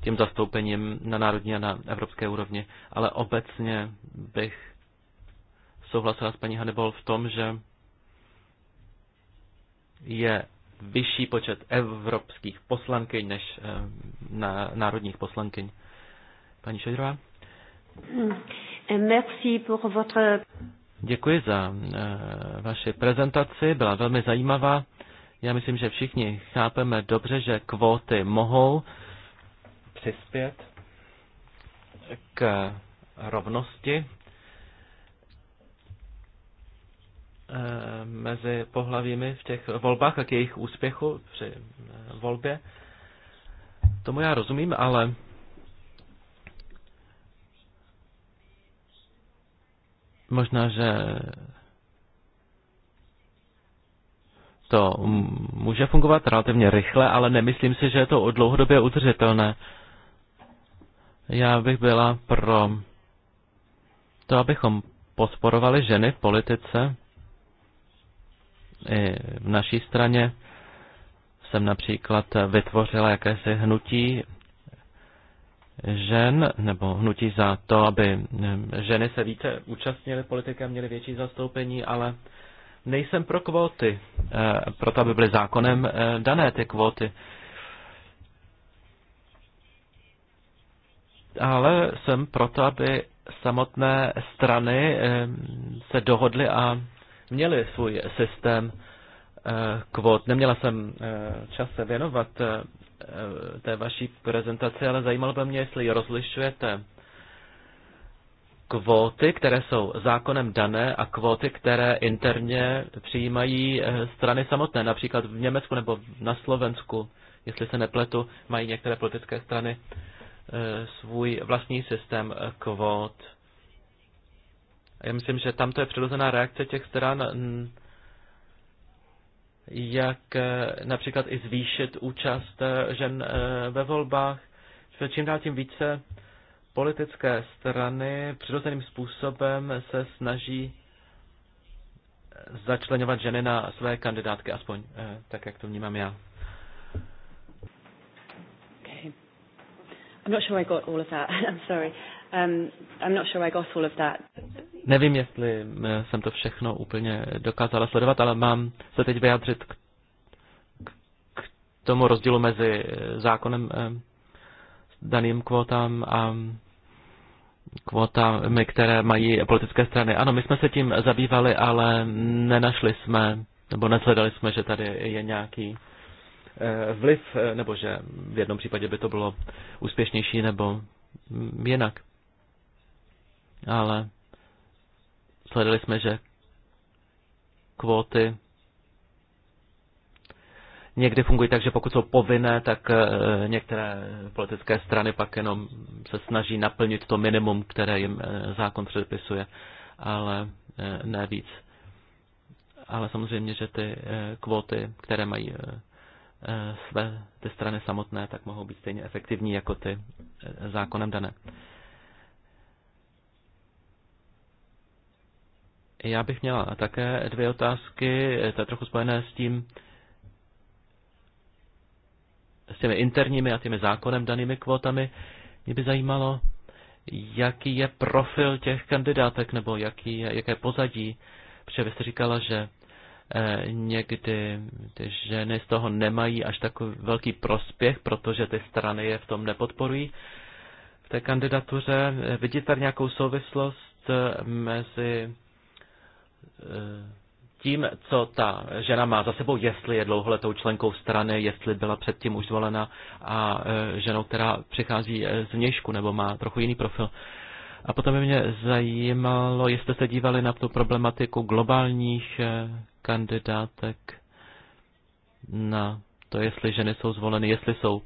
tím zastoupením na národní a na evropské úrovni, ale obecně bych souhlasila s paní Hannibal v tom, že je vyšší počet evropských poslankyň než eh, na, národních poslankyň. Paní Šedrová? Hmm. Merci pour votre... Děkuji za e, vaši prezentaci, byla velmi zajímavá. Já myslím, že všichni chápeme dobře, že kvóty mohou přispět k rovnosti Eh, mezi pohlavími v těch volbách a k jejich úspěchu při eh, volbě. Tomu já rozumím, ale možná, že to může fungovat relativně rychle, ale nemyslím si, že je to dlouhodobě udržitelné. Já bych byla pro to, abychom podporovali ženy v politice, i v naší straně jsem například vytvořila jakési hnutí žen, nebo hnutí za to, aby eh, ženy se více účastnily politiky a měly větší zastoupení, ale nejsem pro kvóty, eh, proto aby byly zákonem eh, dané ty kvóty. Ale jsem proto, aby samotné strany se dohodly a měli svůj systém eh, kvot. Neměla jsem eh, čas se věnovat eh, té vaší prezentaci, ale zajímalo by mě, jestli rozlišujete kvóty, které jsou zákonem dané a kvóty, které interně přijímají strany samotné, například v Německu nebo na Slovensku, jestli se nepletu, mají některé politické strany svůj vlastní systém kvót. Já myslím, že tam to je přirozená reakce těch stran, jak e, například i zvýšit účast e, žen e, ve volbách. Že čím dál tím více politické strany přirozeným způsobem se snaží začlenovat ženy na své kandidátky, aspoň tak, jak to vnímám já. Okay. I'm not sure I got all of that. I'm sorry. Um, I'm not sure I got all of that. Nevím, jestli eh, jsem to všechno úplně dokázala sledovat, ale mám se teď vyjádřit k, k tomu rozdílu mezi eh, zákonem eh, daným kvótám a kvótami, které mají politické strany. Ano, my jsme se tím zabývali, ale nenašli jsme, nebo nesledali jsme, že tady je nějaký vliv, nebo že v jednom případě by to bylo úspěšnější, nebo jinak. Ale Shledali jsme, že kvóty někdy fungují tak, že pokud jsou povinné, tak eh, některé politické strany pak jenom se snaží naplnit to minimum, které jim eh, zákon předpisuje, ale eh, ne víc. Ale samozřejmě, že ty kvóty, které mají své ty strany samotné, tak mohou být stejně efektivní jako ty zákonem dané. Já bych měla také dvě otázky, eh, to je trochu spojené s tím, s těmi interními a těmi zákonem danými kvotami. Mě by zajímalo, jaký je profil těch kandidátek nebo jaký je, jaké pozadí, protože vy jste říkala, že eh, někdy ty ženy z toho nemají až takový velký prospěch, protože ty strany je v tom nepodporují. V té kandidatuře eh, vidíte tady nějakou souvislost mezi Eh, tím, co ta žena má za sebou, jestli je dlouholetou členkou strany, jestli byla předtím už zvolena a eh, ženou, která přichází eh, z vnějšku nebo má trochu jiný profil. A potom by mě zajímalo, jestli se dívali na tu problematiku globálních kandidátek na to, jestli ženy jsou zvoleny, jestli jsou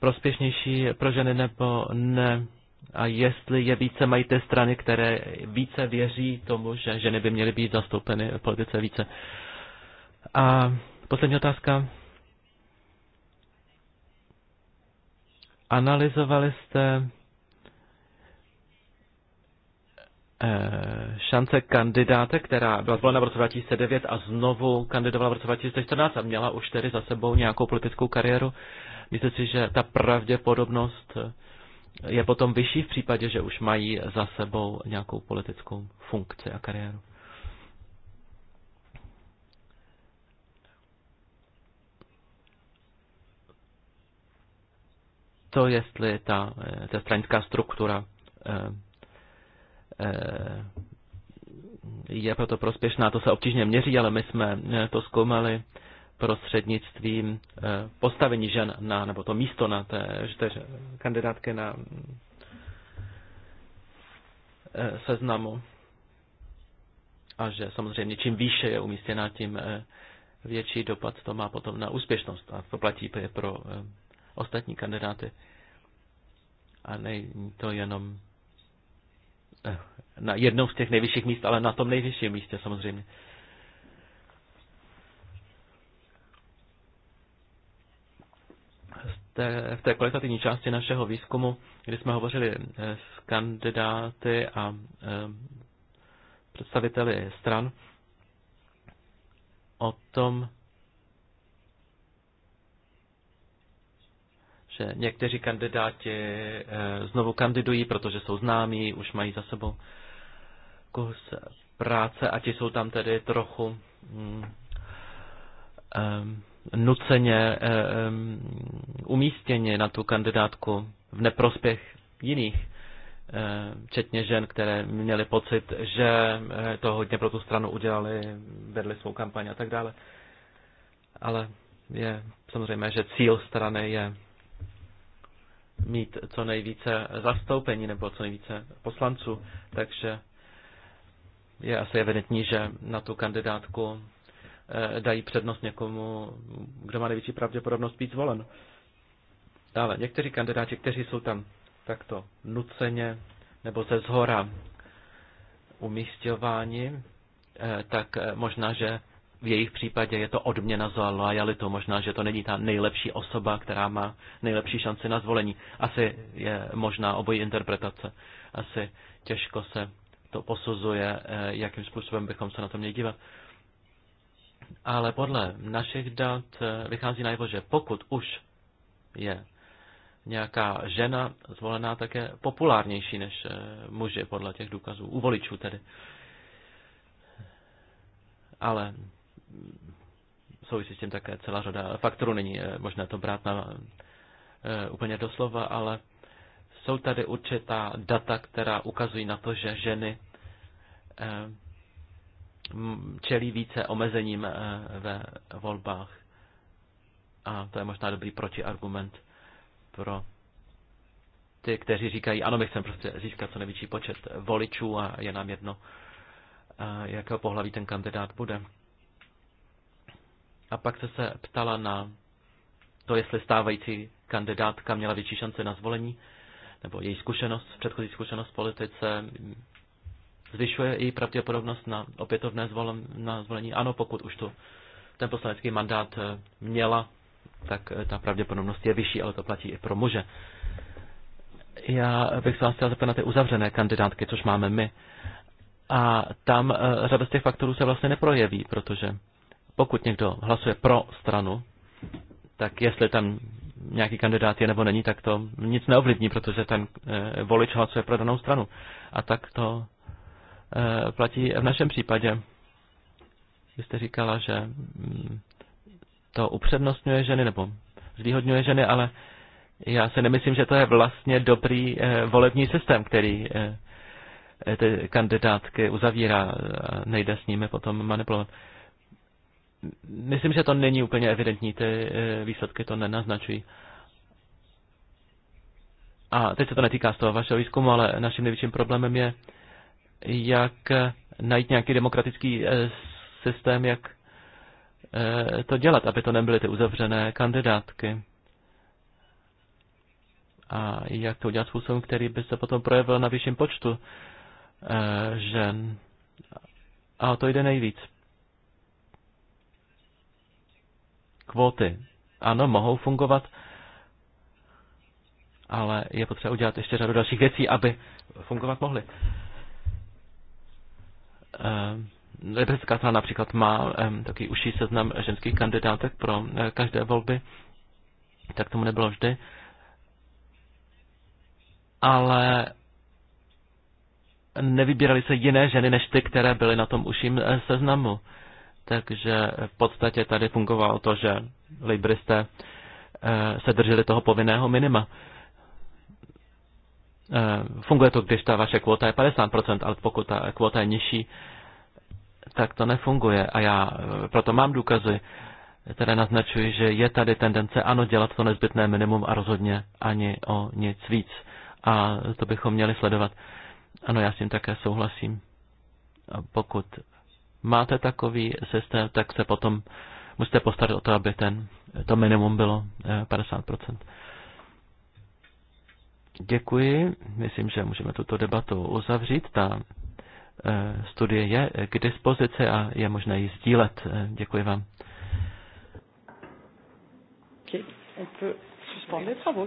prospěšnější pro ženy nebo ne a jestli je více mají ty strany, které více věří tomu, že ženy by měly být zastoupeny v politice více. A poslední otázka. Analyzovali jste eh, šance kandidáte, která byla zvolena v roce 2009 a znovu kandidovala v roce 2014 a měla už tedy za sebou nějakou politickou kariéru myslím si, že ta pravděpodobnost eh, je potom vyšší v případě, že už mají za sebou nějakou politickou funkci a kariéru? To, jestli ta, eh, ta stranická struktura eh, je proto prospěšná, to se obtížně měří, ale my jsme to zkoumali prostřednictvím eh, postavení žen na, nebo to místo na té, té eh, kandidátky na mm, eh, seznamu. A že samozřejmě čím výše je umístěná, tím větší dopad to má potom na úspěšnost. A to platí pro ostatní kandidáty. A není to jenom na jednou z těch nejvyšších míst, ale na tom nejvyšším místě samozřejmě. té, v té kvalitativní části našeho výzkumu, kdy jsme hovořili eh, s kandidáty a eh, představiteli stran o tom, že někteří kandidáti eh, znovu kandidují, protože jsou známí, už mají za sebou kus práce a ti jsou tam tedy trochu um, nuceně eh, umístěni na tu kandidátku v neprospěch jiných, eh, včetně žen, které měly pocit, že eh, to hodně pro tu stranu udělali, vedli svou kampaň a tak dále. Ale je samozřejmé, že cíl strany je mít co nejvíce zastoupení nebo co nejvíce poslanců, takže je asi evidentní, že na tu kandidátku Eh, dají přednost někomu, kdo má největší pravděpodobnost být zvolen. Dále, někteří kandidáti, kteří jsou tam takto nuceně nebo ze zhora umístěváni, eh, tak eh, možná, že v jejich případě je to odměna za lojalitu. Možná, že to není ta nejlepší osoba, která má nejlepší šanci na zvolení. Asi je možná obojí interpretace. Asi těžko se to posuzuje, jakým způsobem bychom se na to měli dívat ale podle našich dat eh, vychází najevo, že pokud už je nějaká žena zvolená, tak je populárnější než eh, muži, podle těch důkazů, u voličů tedy. Ale souvisí s tím také celá řada faktorů, není eh, možné to brát na, úplně doslova, ale jsou tady určitá data, která ukazují na to, že ženy čelí více omezením eh, ve volbách. A to je možná dobrý protiargument pro ty, kteří říkají, ano, my chceme prostě získat co největší počet voličů a je nám jedno, eh, jakého pohlaví ten kandidát bude. A pak se se ptala na to, jestli stávající kandidátka měla větší šance na zvolení, nebo její zkušenost, předchozí zkušenost v politice, zvyšuje i pravděpodobnost na opětovné na zvolení. Ano, pokud už tu ten poslanecký mandát eh, měla, tak eh, ta pravděpodobnost je vyšší, ale to platí i pro muže. Já bych se vás chtěl zeptat na ty uzavřené kandidátky, což máme my. A tam eh, řada z těch faktorů se vlastně neprojeví, protože pokud někdo hlasuje pro stranu, tak jestli tam nějaký kandidát je nebo není, tak to nic neovlivní, protože ten volič hlasuje pro danou stranu. A tak to Eh, platí v našem případě. Vy jste říkala, že mm, to upřednostňuje ženy nebo zvýhodňuje ženy, ale já si nemyslím, že to je vlastně dobrý eh, volební systém, který eh, ty kandidátky uzavírá a nejde s nimi potom manipulovat. Myslím, že to není úplně evidentní, ty výsledky to nenaznačují. A teď se to netýká z toho vašeho výzkumu, ale naším největším problémem je, jak eh, najít nějaký demokratický eh, systém, jak eh, to dělat, aby to nebyly ty uzavřené kandidátky. A jak to udělat způsobem, který by se potom projevil na vyšším počtu žen. A o to jde nejvíc. Kvóty. Ano, mohou fungovat, ale je potřeba udělat ještě řadu dalších věcí, aby fungovat mohly. Eh, Liberecká strana například má takový užší seznam ženských kandidátek pro eh, každé volby, tak tomu nebylo vždy. Ale nevybírali se jiné ženy než ty, které byly na tom eh, seznamu. Takže v podstatě tady fungovalo to, že libristé eh, se drželi toho povinného minima. Eh, funguje to, když ta vaše kvota je 50%, ale pokud ta kvota je nižší, tak to nefunguje. A já eh, proto mám důkazy, které naznačují, že je tady tendence ano dělat to nezbytné minimum a rozhodně ani o nic víc. A to bychom měli sledovat. Ano, já s tím také souhlasím. A pokud máte takový systém, tak se potom musíte postarat o to, aby ten, to minimum bylo 50%. Eh, Děkuji. Myslím, že můžeme tuto debatu uzavřít. Ta eh, studie je k dispozici a je možné ji sdílet. Eh, děkuji vám. Okay. On peut